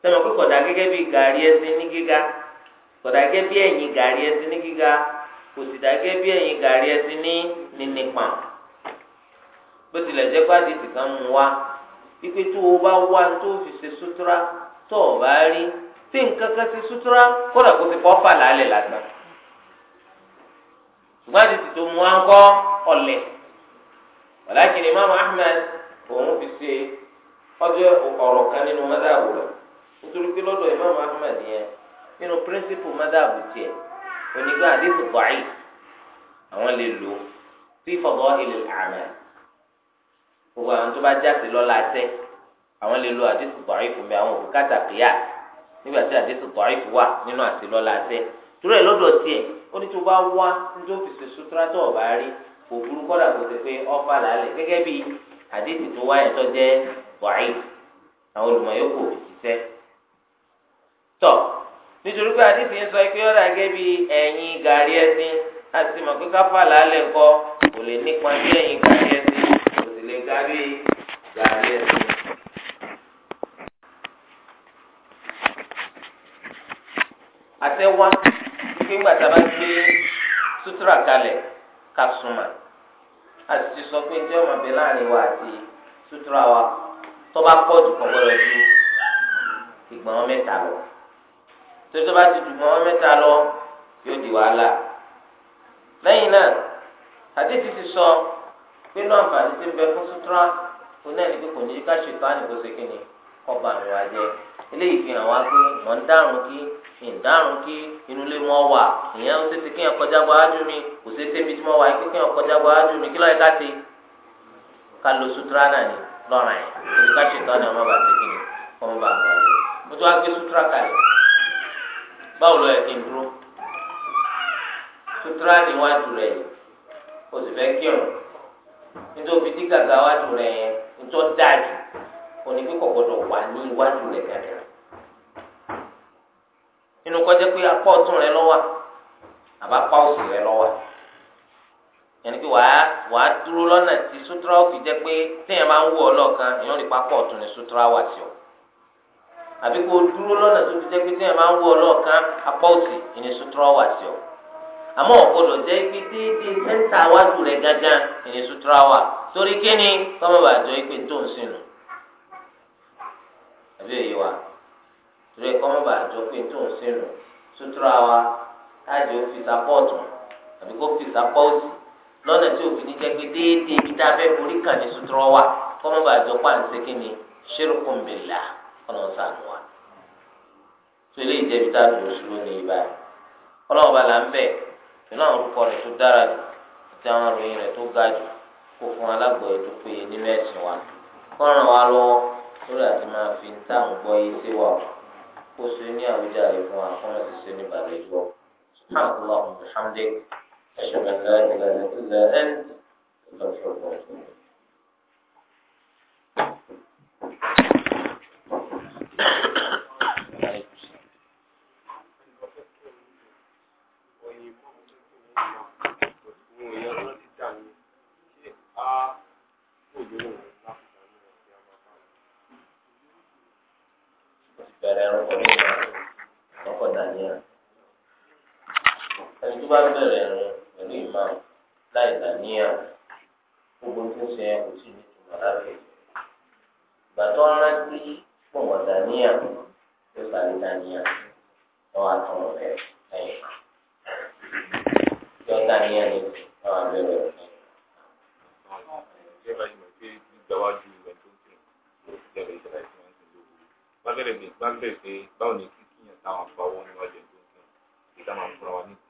sọmọ pé kódà gẹ́gẹ́ bí gàrí ẹ̀sìn ní gíga gẹ́gẹ́ bí gàrí ní gíga kò sì bí gàrí ní nínípa wa tó o bá wá tó o tí nǹkan kan ti sutura kódà kó ti kọ́ fà lálẹ́ lásán ṣùgbọ́n àti tìtò mu akọ́ ọ̀lẹ̀ wàlákìrì imáàmù ahmed òun fi ṣe ọjọ́ ọ̀rọ̀ kan nínú mọ́dàbù rẹ̀ nítorí pé lọ́dọ̀ imáàmù ahmed yẹn nínú píríncípù mọ́dàbù tiẹ̀ onígbà àdéhùn báyìí àwọn lè lò sí fọ̀bọ́ ilẹ̀ àmà gbogbo àwọn tó bá jáde lọ́la àtẹ àwọn lè lo àdéhùn báyìí fún mi àwọn òkú kàtàkìyà nígbà tí àdéhùn tọ́ìfù wà nínú àtìlọ́lá àṣẹ torí ẹ̀ lọ́dọ̀ tiẹ̀ ó ní tó bá wá níjó fèsì sutura tó ọ̀bá rí kò burú kọ́dà kò sí pé ọ̀fà làálẹ̀ gẹ́gẹ́ bí àdéhùn tó wáyé tó jẹ́ tọ́ìfù àwọn olùmọ̀ yóò kò ṣiṣẹ́ tọ́ nítorí pé àdéhùn yẹn sọ pé ọ̀dà gẹ́gẹ́ bí ẹ̀yìn gàrí ẹ̀sìn àti mọ̀ pé káfà làálẹ̀ kọ́ kò lè nípa bí ẹ̀yìn gàrí ẹ̀sìn kò sì lè gàrí gàrí ẹ̀sìn àtẹwá pé ńgbà tá a bá gbé sutura kalẹ̀ ká súnmọ́ àti ti sọ pé ǹjẹ́ ọmọ bẹ láàrin wa àti sutura wa tó bá pọ̀ jù kọ́ gbọ́dọ̀ ju ìgbọ̀n mẹ́ta lọ tó tó bá ti ju ìgbọ̀n mẹ́ta lọ yóò di wàhálà lẹ́yìn náà àdéhìí ti sọ pé náà àǹfààní ti ń bẹ fún sutura onáà ní pé kò ní ká ṣètò ànìkó ṣe ọba mi Ile eléyìí fi hàn wá pé mọ̀ ń dárun kí ìdárun kí inú ilé mọ́ wà ìyẹn ó tètè kéèyàn kọjá gbáájú mi kò sí tèmi tí mo wà kéèyàn kọjá gbáájú mi kí lọ́ọ́ ká ti ká lo sutura náà ni lọ́ràn yẹn òbí ká ṣètò ọ̀nà ọmọ lọ. mo tún n dúró sutura rẹ̀ o sì fẹ́ kírun nítorí rẹ̀ yẹn nítorí oníkókò gbọdọ̀ wà ní iwájú rẹ̀ gàdà nínú kọjá pé apá ọ̀tún rẹ̀ lọ́wọ́ àbá apá òsì rẹ̀ lọ́wọ́ yẹn pé wàá wàá dúró lọ́nà tí sutura fi jẹ́ pé téèyàn ń èèyàn lè ọ̀tún wà dúró lọ́nà tó fi jẹ́ pé ń apá wà àmọ́ jẹ́ pé déédéé sẹ́ńtà wájú rẹ̀ gángan àbí èyí wa torí ẹ̀kọ́ mọ́ba àjọ pé tó ń sutura wa láàjì ó fi sapọ́ọ̀tù àbí kó fi sapọ́ọ̀tù lọ́nà tí òfin ní jẹ́ déédéé ibi tá a fẹ́ kàn ní sutura wa kọ́ mọ́ba àjọ pàǹsẹ́ kí ni ṣírùkùn bìlà ọ̀nà wa tó ilé ìjẹ́bi tá a dùn ń bẹ̀ lórí àti máa fi táwọn gbọ́ yé sí wa kó sí ní àwùjá rẹ̀ fún wa kó sì sí ní bàbá ìgbọ́. سبحانك اللهم وبحمدك أشهد أن لا إله إلا أنت أستغفرك وأتوب إليك bá bẹ̀rẹ̀ ẹ̀rùn pẹ̀lú ìmáàmù láì dàníyàn gbogbo tó ṣe ẹ̀ kò sí ní ìtumọ̀ lábẹ́ ìgbà tó ń rántí pọ̀mọ̀ dàníyàn tó sàlẹ̀ dàníyàn lọ́wọ́ àtọ̀mọ̀ rẹ̀ lẹ́yìn yọ dàníyàn ní lọ́wọ́ abẹ́rẹ́ rẹ̀ lẹ́yìn. báwo ni kíkíyàn táwọn afọ àwọn oníwájú ẹgbẹ́ òkè ìdá máa ń fura wa ní ìgbà.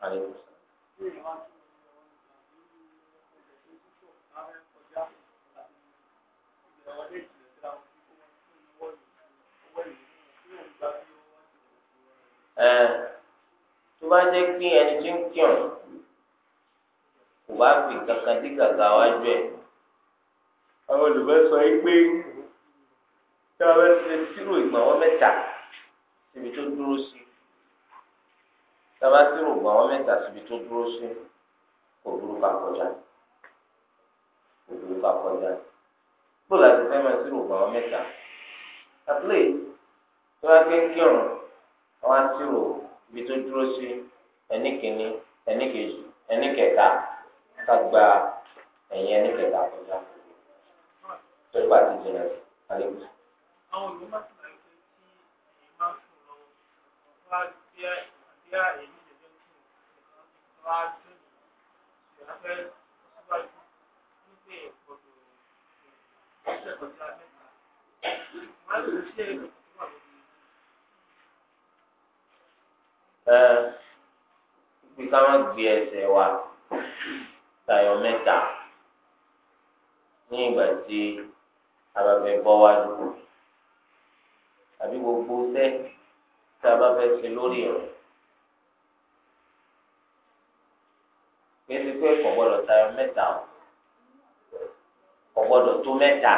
tó bá jẹ́ pé ẹni tí ń kírun kò bá fi kankan dí gàgà wájú ẹ̀. àwọn olùbẹ́sọ yìí pé tí a bá ti ṣe sírò ìgbọ̀nwọ́ mẹ́ta síbi tó dúró sí sábà tí rògbò àwọn mẹ́ta síbi tó dúró sí kò dúró ká kọjá kò dúró ká kọjá bóòlù àti fẹ́ máa tí rògbò àwọn mẹ́ta àtúlẹ̀ tó bá gbé kírun àwọn àtìrò ibi tó dúró sí ẹni kìíní ẹni kejì ẹni kẹta ká gba ẹ̀yìn ẹni kẹta kọjá tó bá ti jìnnà alẹ́ àwọn olùmọ̀sán náà ń pè é tí èèyàn máa ń lọ́wọ́ wọ́n á gbé bóyá èyí lè jẹ́ kí nǹkan wá sí ìrìnàfẹ́ síwájú ní pé ìpọ̀jù ìṣẹ́ kọjá mẹ́ta. Má lè gbé ẹsẹ̀ wa tayọ mẹ́ta ní ìgbà tí abàfẹ́ bọ́ wá dùn àbí gbogbo sẹ́ tí a bá fẹ́ ṣe lórí ìrìn. pé kò gbọ́dọ̀ tayọ mẹ́ta o kò gbọ́dọ̀ tó mẹ́ta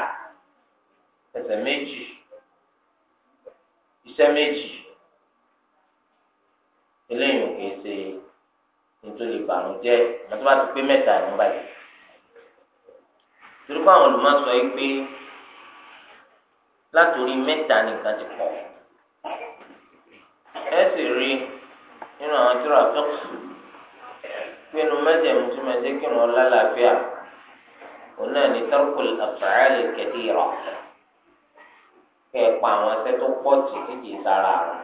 ẹsẹ̀ méjì iṣẹ́ méjì eléyìí kì í ṣe nítorí ìbànújẹ́ àmọ́ tó bá ti pé mẹ́ta ẹ̀ ń bàjẹ́ torí báwọn olùmọ̀sọ yìí pé látòrí mẹ́ta nìkan ti pọ̀ ẹ sì rí nínú àwọn tí wọ́n á sí pinnu mẹjẹmu tí ma jẹ kí wọn lálàáfíà wọn náà ní tarkul af'al kathira kẹ pa àwọn ẹsẹ tó pọ̀ tì tí kì í sára rẹ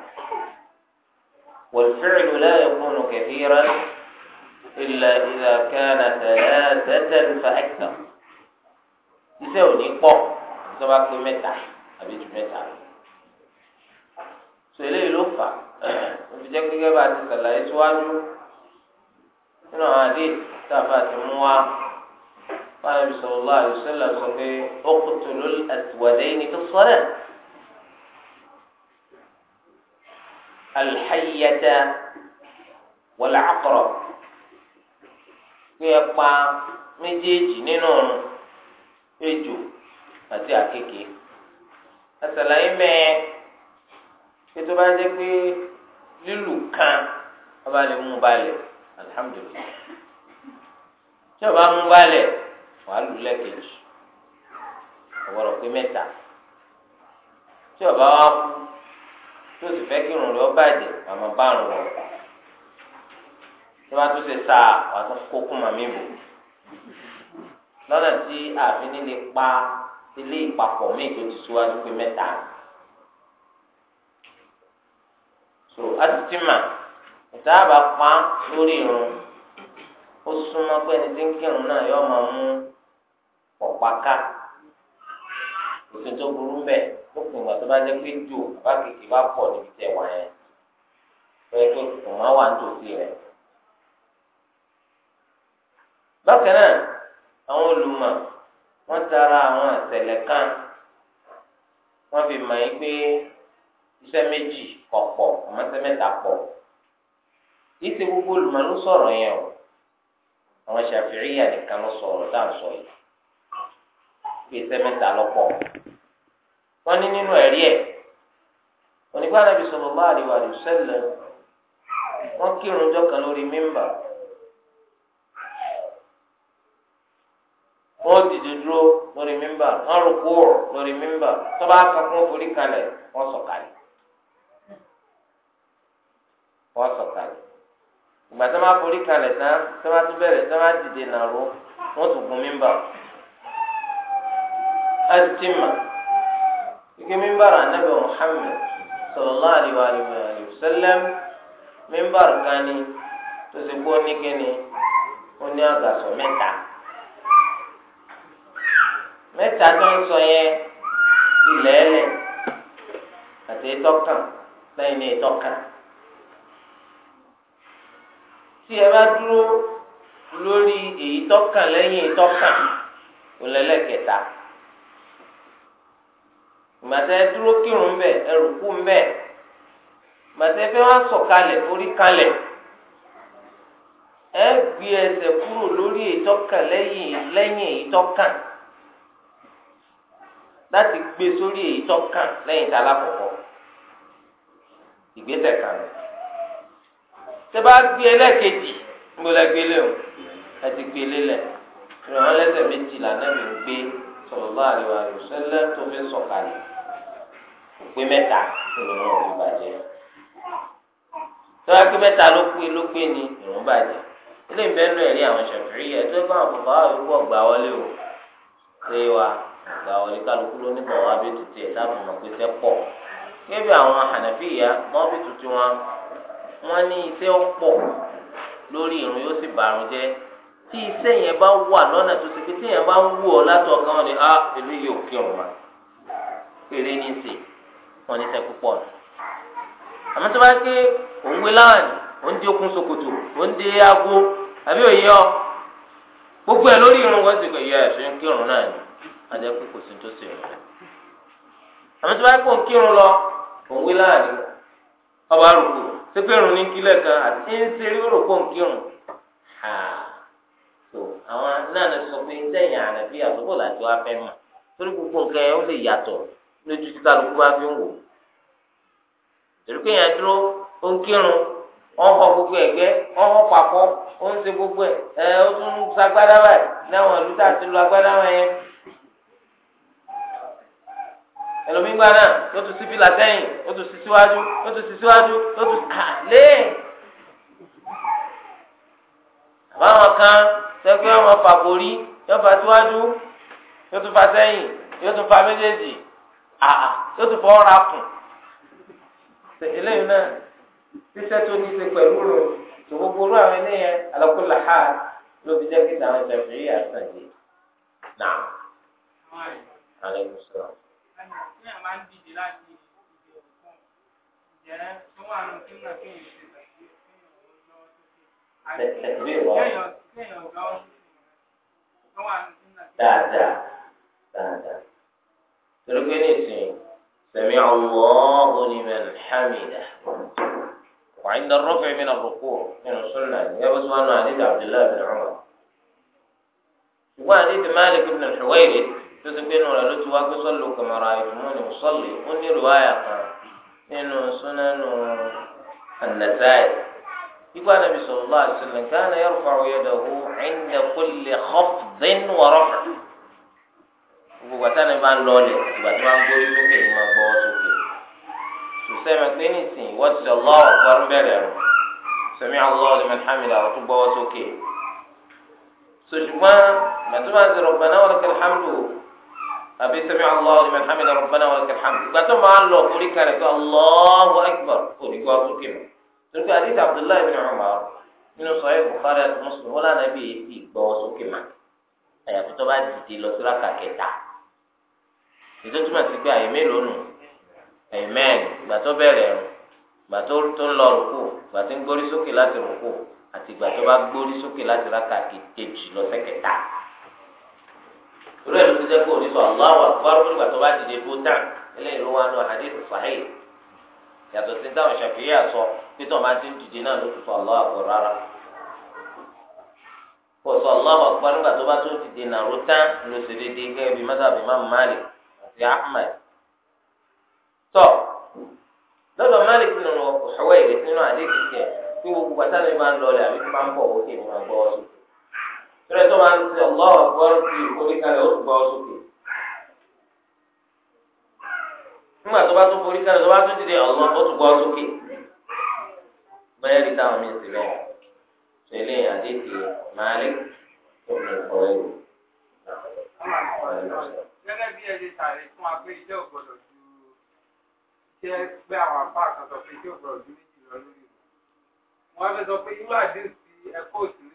wal fi'lu la yakunu kathiran illa idha kana thalathatan fa akthar iṣẹ́ ò ní pọ̀ pé mẹ́ta àbí jù mẹ́ta so eléyìí ló fà ó fi jẹ́ pé gẹ́gẹ́ bá ti sàlàyé síwájú nínú àwọn àdéhùn táàbà ti mú wa báyọ̀ bisalòlá àdùsọ́lá sọ pé ó kò tó ló àtiwádẹ́ yìí ní tó sọ́dẹ̀. alḥayyata wàlá àkọrọ pé ẹ pa méjèèjì nínú ọrùn ejò àti àkekèé àtàlàyé mẹ́ẹ̀ pé tó bá jẹ́ pé lílù kan ọba lè mú balẹ̀ alihamudulilayi tí o bá mú balẹ̀ wàá lù lẹ́ẹ̀kejì ọ̀wọ́rọ̀ pé mẹ́ta tí o bá wá kú tí o sì fẹ́ kí irun rẹ̀ ọ bàjẹ́ àmọ́ bá ń rọ̀ tí wọ́n á tún ṣe sáà wàá tún kó kún màmí bò lọ́nà tí ààfin nílé pa ilé ìpapọ̀ míì tó ti síwájú pé mẹ́ta so a ti ti mà. ìtaàbà pa lórí irun ó súnmọ́ pé ẹni tí ń kírun náà yóò máa mú ọ̀pá ká òsè tó burú mbẹ ó pè wá tó bá jẹ́ pé jù bá kìkì bá pọ̀ níbi tẹ̀ wá yẹn pé kò má wà nítòsí rẹ̀. bákan náà àwọn olùmọ̀ wọ́n tara àwọn àtẹ̀lẹ̀ kan wọ́n fi mọ̀ yín pé iṣẹ́ méjì kọ̀pọ̀ àmọ́ iṣẹ́ mẹ́ta kìí ṣe gbogbo olùmọ̀ ló sọ̀rọ̀ yẹn o àwọn ṣàfihàn nìkan ló sọ̀rọ̀ tá à ń sọ yìí bíi sẹ́mẹ́ta lọ́pọ̀ wọ́n ní nínú ẹ̀rí ẹ̀ onígbà nàbì sallallahu alaihi wasallam wọ́n kírun jọ́kan lórí mímbà wọ́n dìde dúró lórí mímbà wọ́n rúkú lórí mímbà forí kalẹ̀ wọ́n sọ̀ kalẹ̀. ìgbà tó máa forí kalẹ̀ tán tó máa tún bẹ̀rẹ̀ tó máa dìde nàró wọ́n tún gun mímbà atima ike mímbàrà anabi Muhammad sallallahu alayhi wa sallam mímbàrà kani tó ti kó nìkéni ó ní àgàsọ mẹ́ta mẹ́ta tó ń sọ yẹn ilẹ̀ ẹlẹ̀ àti ìtọ́kàn lẹ́yìn ní ìtọ́kàn tí ẹ bá dúró lórí èyí tọ́kàn lẹ́yìn tọ́kàn òlẹ́lẹ́kẹta gbàtẹ́ dúró kírun bẹ̀ ẹrù kú bẹ̀ gbàtẹ́ fẹ́ wá sọ̀kalẹ̀ forí kalẹ̀ ẹ gbé ẹsẹ̀ kúrò lórí èyí tọ́kàn lẹ́yìn lẹ́yìn èyí tọ́kàn láti gbé sórí èyí tọ́kàn lẹ́yìn tá a lákọ̀ọ́kọ́ ìgbésẹ̀ kan lọ tẹ bá gbé ẹlẹ́ẹ̀kejì níbo la gbé lé o àti gbé lélẹ̀ ìrànwọ́ lẹ́sẹ̀ méjìlá náà mi gbé sallallahu alaihi wasallam tó fi sọ̀kalẹ̀ òpé mẹ́ta ìrànwọ́ òun bàjẹ́ tẹ bá gbé mẹ́ta ló pé ló pé ni ìrànwọ́ bàjẹ́ ilé ìbẹ́ nù ẹ̀rí àwọn ṣàfihàn ẹ̀ tó bá àwọn bàbá àwòrán ọgbà wọlé o ṣé wa ọgbà wọlé kálukú ló ní bọ̀ bí tutù ẹ̀ táàbù mọ̀ pé sẹ́pọ̀ kébì àwọn Hànàfíyà mọ́ bí tutù wọn wọ́n ní iṣẹ́ ó pọ̀ lórí irun yóò sì bàrún jẹ́ tí iṣẹ́ yẹn bá wà lọ́nà tó ti fi tí yẹn bá ń wù ọ́ látọ̀ kan wọn ni ah, a èlé yìí ò kírun ma èrè ní sè wọn ní iṣẹ́ púpọ̀ nù. àmọ́ tó bá ké òun wé láàánì òun dé okùn ṣòkòtò òun dé aago àbí òye ọ gbogbo ẹ lórí irun wọn sì kọ ìyá ẹ̀ṣọ́ ń kírun náà ni adé pé sí tó sì rìn rẹ̀. àmọ́ tó bá ké òun kírun lọ òun wé láàánì ọba àrùkù sẹ́pẹ̀rún ní kílẹ̀ kan àti ń ṣe rí rò pọ̀ ń kírun so àwọn náà lè sọ pé sẹ́yìn àrẹ̀bí àtúbọ̀ làjọ afẹ́ mọ̀ torí gbogbo nǹkan ẹ̀ ó lè yàtọ̀ lójú tí kálukú bá fi ń wò torí pé yẹn dúró ó ń kírun ọhọ gbogbo ẹgbẹ́ ọhọ papọ̀ ó ń ṣe gbogbo ẹ ó tún sagbada báyìí náwọn ìlú tá a ti lu agbada wọn yẹn ẹlòmíín gbà náà ó tún sí fìlà sẹ́yìn ó tún sí síwájú ó tún sí síwájú ó tún hà ah, lé. àbáwọn kan sọ pé ọmọ fàbórí yóò fa síwájú yóò tún fa sẹ́yìn yóò tún fa méjèèjì àà ah, ah, yóò tún fọ ọ̀rá kùn. eléyìí náà ṣíṣẹ́ tó ní í ṣe pẹ̀lú rò tó gbogbo orú àwọn eléyẹn alákòólà ha ló fi jẹ́ kí àwọn ìṣẹ̀fẹ̀ yìí àṣàjì náà. èèyàn máa ń dìde láti ìdè òkun ǹjẹ́ tó wà nù kí nà kí èèyàn ṣe tàbí kí èèyàn lọ sókè àti kí èèyàn lọ tó wà nù kí nà kí. dáadáa dáadáa torí pé nísìnyí sẹ̀mí ọlọ́ọ̀hún ni mẹ́rin hàmìdá. وعند الرفع من الركوع من السنة يبس أن حديث عبد الله بن عمر وحديث مالك بن الحويرث tó ti gbénu rẹ̀ ló ti wá pé sọ́ọ̀lù kọ̀mọ̀rọ̀ àìmọ́ ni sọ́ọ̀lù ó ní rìwáyà kan nínú súnánù ànàsáì ikú anabi sallallahu alaihi wasallam kana yarfa'u yadahu 'inda kulli khafdin wa raf' gbogbo àtàlẹ bá ń lọlẹ ìgbà tí wọn gbórí sókè yìí máa gbọ́ sókè sùsẹmẹ pé nìsín wọn ti Allahu akbar bẹ̀rẹ̀ rẹ sami'a Allahu liman hamidah àwọn tó gbọ́wọ́ sókè sòṣùgbọ́n màtúmọ̀ àti rabbana wa lakal hamdu àbí sami Allahu liman hamida rabbana wa lakal hamd ìgbà tó máa ń lọ orí kan rẹ̀ pé Allahu akbar onígbà sókè mọ́ torí àdìsí Abdullahi bin Umar nínú sọ̀rọ̀ Bukhari àti Muslim wọn lànà bí ìgbọ́ sókè mọ́ àyàfi tó bá dìde lọ sí rákà kẹta ètò túmọ̀ sí pé àyè mélòó nù àyè mẹ́rin ìgbà tó bẹ̀rẹ̀ rùn ìgbà tó ń lọ rùkù ìgbà tó ń gbórí sókè láti rùkù àti ìgbà tó bá gbórí sókè láti rákà kejì irú ẹ̀ ló ti jẹ́ kó o ní sọ Allahu Akbar nígbà tó bá dìde bó tán eléyìí ló wá nù hadith sahih yàtọ̀ sí táwọn Ṣàfi'í àsọ pé tó máa ti ń dìde náà ló ti sọ Allahu rárá kò sọ Allahu Akbar nígbà tó bá tó dìde náà ló tán ló ṣe déédéé gẹ́gẹ́ bí mọ́tàbí àti lọ́dọ̀ nínú máa ń sè ọlọ́ ọ̀gbọ́rọ̀ sí oríkàlẹ̀ ó gbọ́ sókè. nígbà tó bá tún forí kalẹ̀ tó bá tún dìde ọlọ́ ó tún gbọ́ sókè. bẹ́ẹ̀ ni táwọn mi sì bẹ́ẹ̀ tẹ̀lé àdéhìí màálí tó ń kọ́ ẹ̀. gẹ́gẹ́ bí ẹ ṣe ṣàlàyé fún wa pé iṣẹ́ ògbọ́dọ̀ ju iṣẹ́ pé àwọn àpá àkàtọ̀ pé iṣẹ́ ògbọ́dọ̀ ju méjì lọ lórí wọn. wọ́n fẹ́ sọ pé irú àdéhùn ti ẹ̀kọ́ òsì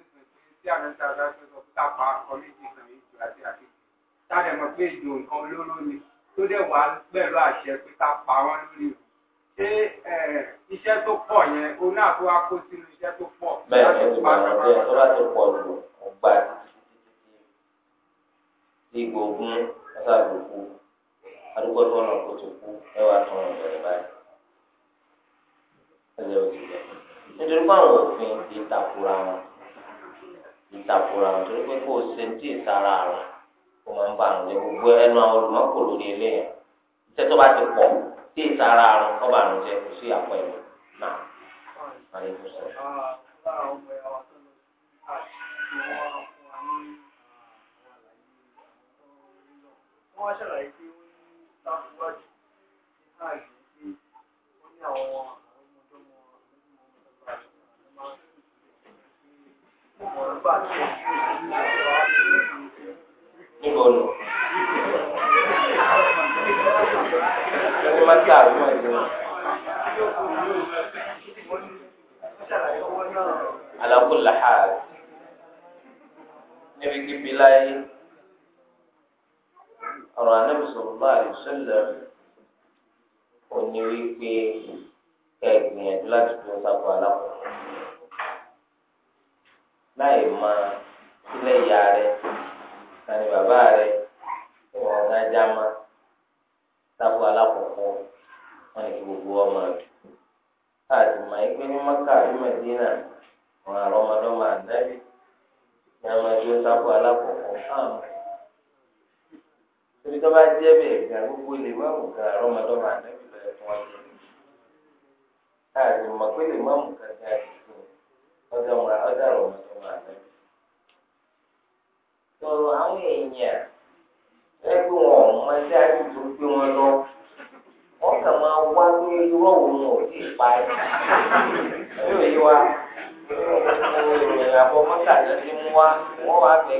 tí àná ń tàbí aṣọ sọ fún tàpá akọ méjì kan èjò àti àkejì tàdé mọ̀ pé èjò nǹkan olóró ni tó dẹ̀ wá pẹ̀lú àṣẹ pé tàpá wọn lórí o ṣé iṣẹ́ tó pọ̀ yẹn oní àtúwá kó sínú iṣẹ́ tó pọ̀. bẹ́ẹ̀ ni ìgbà tó bá ti pọ̀ jù ó gbà tí gbogbo ọ̀sà gbogbo adúgbò tó ń lọ kó tó kú ẹwà tó ń bẹ̀rẹ̀ báyìí ẹ̀jẹ̀ òsì jẹ́ nítorí pé àwọn òfin ti takura wọn ìtakùrọ̀ àwọn torí pé kó o ṣe ní ìtara àrùn kó máa ń bá àrùn jẹ gbogbo ẹnu àwọn olùmọ́kò lórí eléyà iṣẹ́ tó bá ti pọ̀ tí ìtara àrùn kọ́ bá àrùn jẹ kò sí àpọ̀ ẹ̀mí náà. wọ́n ṣàlàyé níbo nù. Ẹni máa ń ta àrùn náà jẹun. Àlàkù làhàrì. Níbi kíbi láyé. Ọ̀rọ̀ ànábì sallallahu alaihi wasallam kò ní wípé kẹ̀gbìyànjú láti fi ọ̀sàkó alákọ̀ọ́. Láì máa sílẹ̀ ìyá rẹ̀. tani bàbá rẹ ìwọ̀n ọ̀gájá má sábò alákòókò wọn ni gbogbo ọmọ rẹ káàdì mà yín ní mọ́kà ní mẹ́dínà wọn àrọ́ ọmọdọ́mọ ànábì ní amadúró sábò alákòókò fáàmù torí tó bá jẹ́ bẹ́ẹ̀ gan gbogbo lè má mú gan àrọ́ wọn káàdì pé lè má mú ọ̀rọ̀ àwọn èèyàn ẹgbẹ́ wọn ò mọ ẹgbẹ́ àti tó gbé wọn lọ wọ́n kàn máa wá pé irọ́ òun ò tí ì pa ẹ̀. ẹ̀rọ yìí wá ìrìnàbọ̀ mọ́tàlá ti mú wá wọ́n wá fẹ́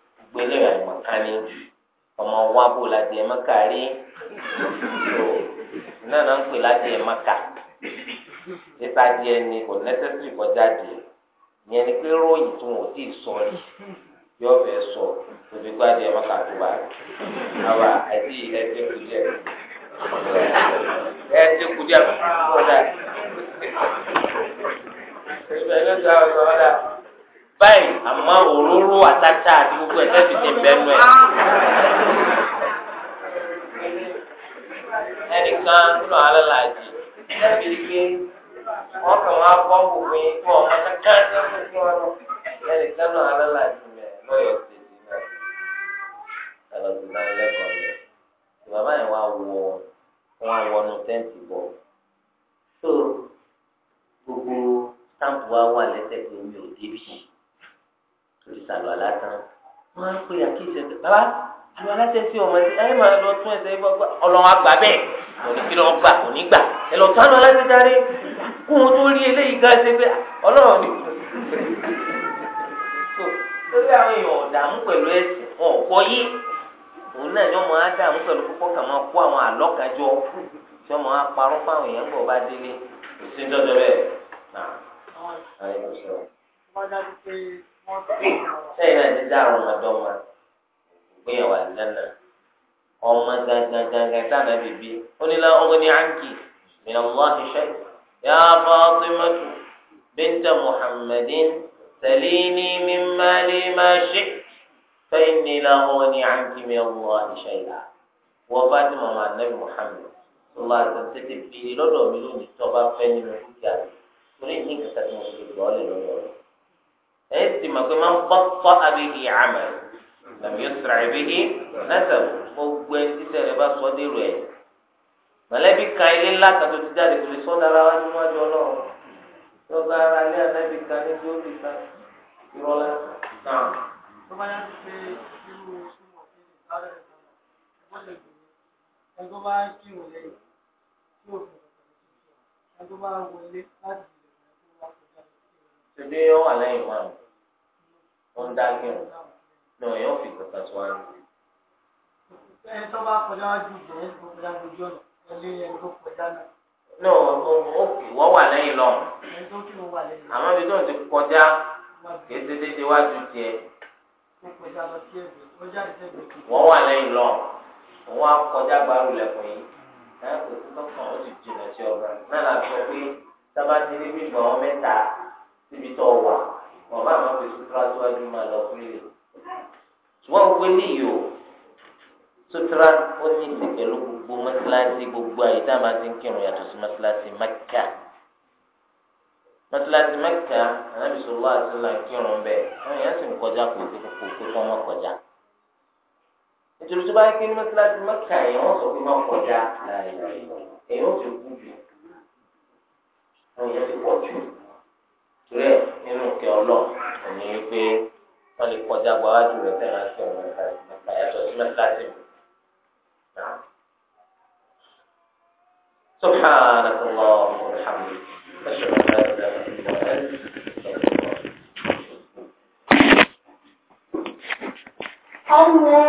gbogbo eléyà ìmọ̀kan ni ọmọ wa bò láti ẹ̀ mọ́kà rí náà náà ń pè láti ẹ̀ mọ́kà ni kò nẹ́sẹ̀sìrì kọjá díẹ̀ ìyẹn ni pé ròyìn tí wọn ò tí ì sọ rí yóò sọ òbí báyìí àmọ́ òróró àtàtà àti gbogbo ẹ̀ tẹ́sí ti bẹ́nu ẹ̀. ẹnìkan nínú alẹ́ la jì ẹbí pé wọ́n kàn wá bọ́ òwe fún ọmọ kankan ẹnìkan nínú alẹ́ la jì mẹ́ lọ́yọ̀ sí i náà ẹ̀rọ ti náà lẹ́kọ̀ọ́ mẹ́ bàbá yẹn wá wọ wọn wọnú tẹ́ǹtì bọ̀ tó gbogbo stamp wa wà lẹ́sẹ̀ pé mi ò débi torí sàlùwà látàn wọn á pè àkíyèsí ẹsẹ bàbá àlùwà látàn sí ọmọ ẹsẹ ẹ máa lọ tún ẹsẹ gbọgbọ Ọlọ́run àgbà bẹ́ẹ̀ lórí kí lọ́wọ́ gbà kò ní gbà ẹ lọ tún àlùwà látàn darí kó wọn tó rí eléyìí gan ṣe pé Ọlọ́run ni torí àwọn èèyàn ọ̀dààmú pẹ̀lú ẹ̀sìn wọn ò gbọ́ yé òun náà ni ọmọ ádámù pẹ̀lú púpọ̀ kà máa kó àwọn àlọ́ kan jọ tí ọmọ apárọ́ fáwọn èèyàn gbọ́ bá délé kò sí dọ́dọ̀ bẹ́ẹ̀ náà sẹ́yìn náà ti dáhùn ọmọdọ́mọ ìgbéyàwó àdìdánná ọmọ gangan sáànà bèbí ó ní láwọn ọmọ ní àǹkì min Allah shay ya Fatimatu binta Muhammadin salini min mali ma shi'ti fa inni la ughni anki min Allah shay'a wọ́n bá ti mọ̀mọ́ anabi Muhammad sọlá àtàntẹ́ ti fi lọ́dọ̀ mi lónìí tó bá nínú dúkìá rẹ̀ torí ní kàkàtà mo fi gbọ́ lè lọ́dọ̀ rẹ̀ ẹ̀yẹ́ sì mọ̀ pé máa ń bọ́ sọ́ abéyí àmà tàbí yóò sọ̀rọ̀ àbéyí lẹ́sẹ̀ gbogbo ẹni tí sẹ́yìn bá sọ dérò ẹ̀ mọ̀lẹ́bí ka ilé ńlá kan tó ti jáde kiri sọ́dọ̀ ara wa níwájú ọlọ́run lọ́gọ́ ara ilé ànábì kan ní bí ó ti kan ìrọ̀lá náà. tó bá yá ti wà lẹ́yìn wọn ó ń dágbìn ní ọ̀yọ́ fi kankan tó wá ní. ẹni tó bá kọjá ju ìbẹ̀rẹ̀ tó kọjá lójú ọ̀nà ẹni ẹni tó kọjá náà. No, ó kì wọ́n wà lẹ́yìn lọ́hùn. Àmọ́ ibi tó ń ti kọjá kì í ṣe déédéé wájú tiẹ̀. Wọ́n wà lẹ́yìn lọ́hùn. Òun á kọjá gbárù lẹ̀kùn yìí. Ẹ kò sí lọ́kàn ó sì jìnà sí ọ̀gá. Náà la sọ pé sábà ti rí bíbọn mẹ́ta síbi tó wà wọn bá àwọn fèsì tura síwájú máa lọ fún ilé ṣùgbọ́n gbogbo eléyìí o sutura ó ní ìsìn pẹ̀lú gbogbo mọ́sálásí gbogbo àyè tá a máa ti ń kírun yàtọ̀ sí mọ́sálásí mẹ́kà mọ́sálásí mẹ́kà anábì sọ̀rọ̀ àti ńlá kírun bẹ́ẹ̀ wọ́n yẹn sì ń kọjá kó kó kó kó kó wọ́n kọjá nítorí tó bá yẹ kí ní mọ́sálásí mẹ́kà yẹn wọ́n sọ pé wọ́n kọjá láàyè èyí ó ti kú jù wọ́n yẹn ti pọ̀ jù torí ẹ nínú ìkẹ Ọlọ́run òní pé wọn lè kọjá bọ wájú rẹ fẹẹ máa ṣe ọmọ ìgbà yàtọ̀ sí mẹsàlásì mi. سبحانك اللهم وبحمدك أشهد أن لا إله إلا أنت Allah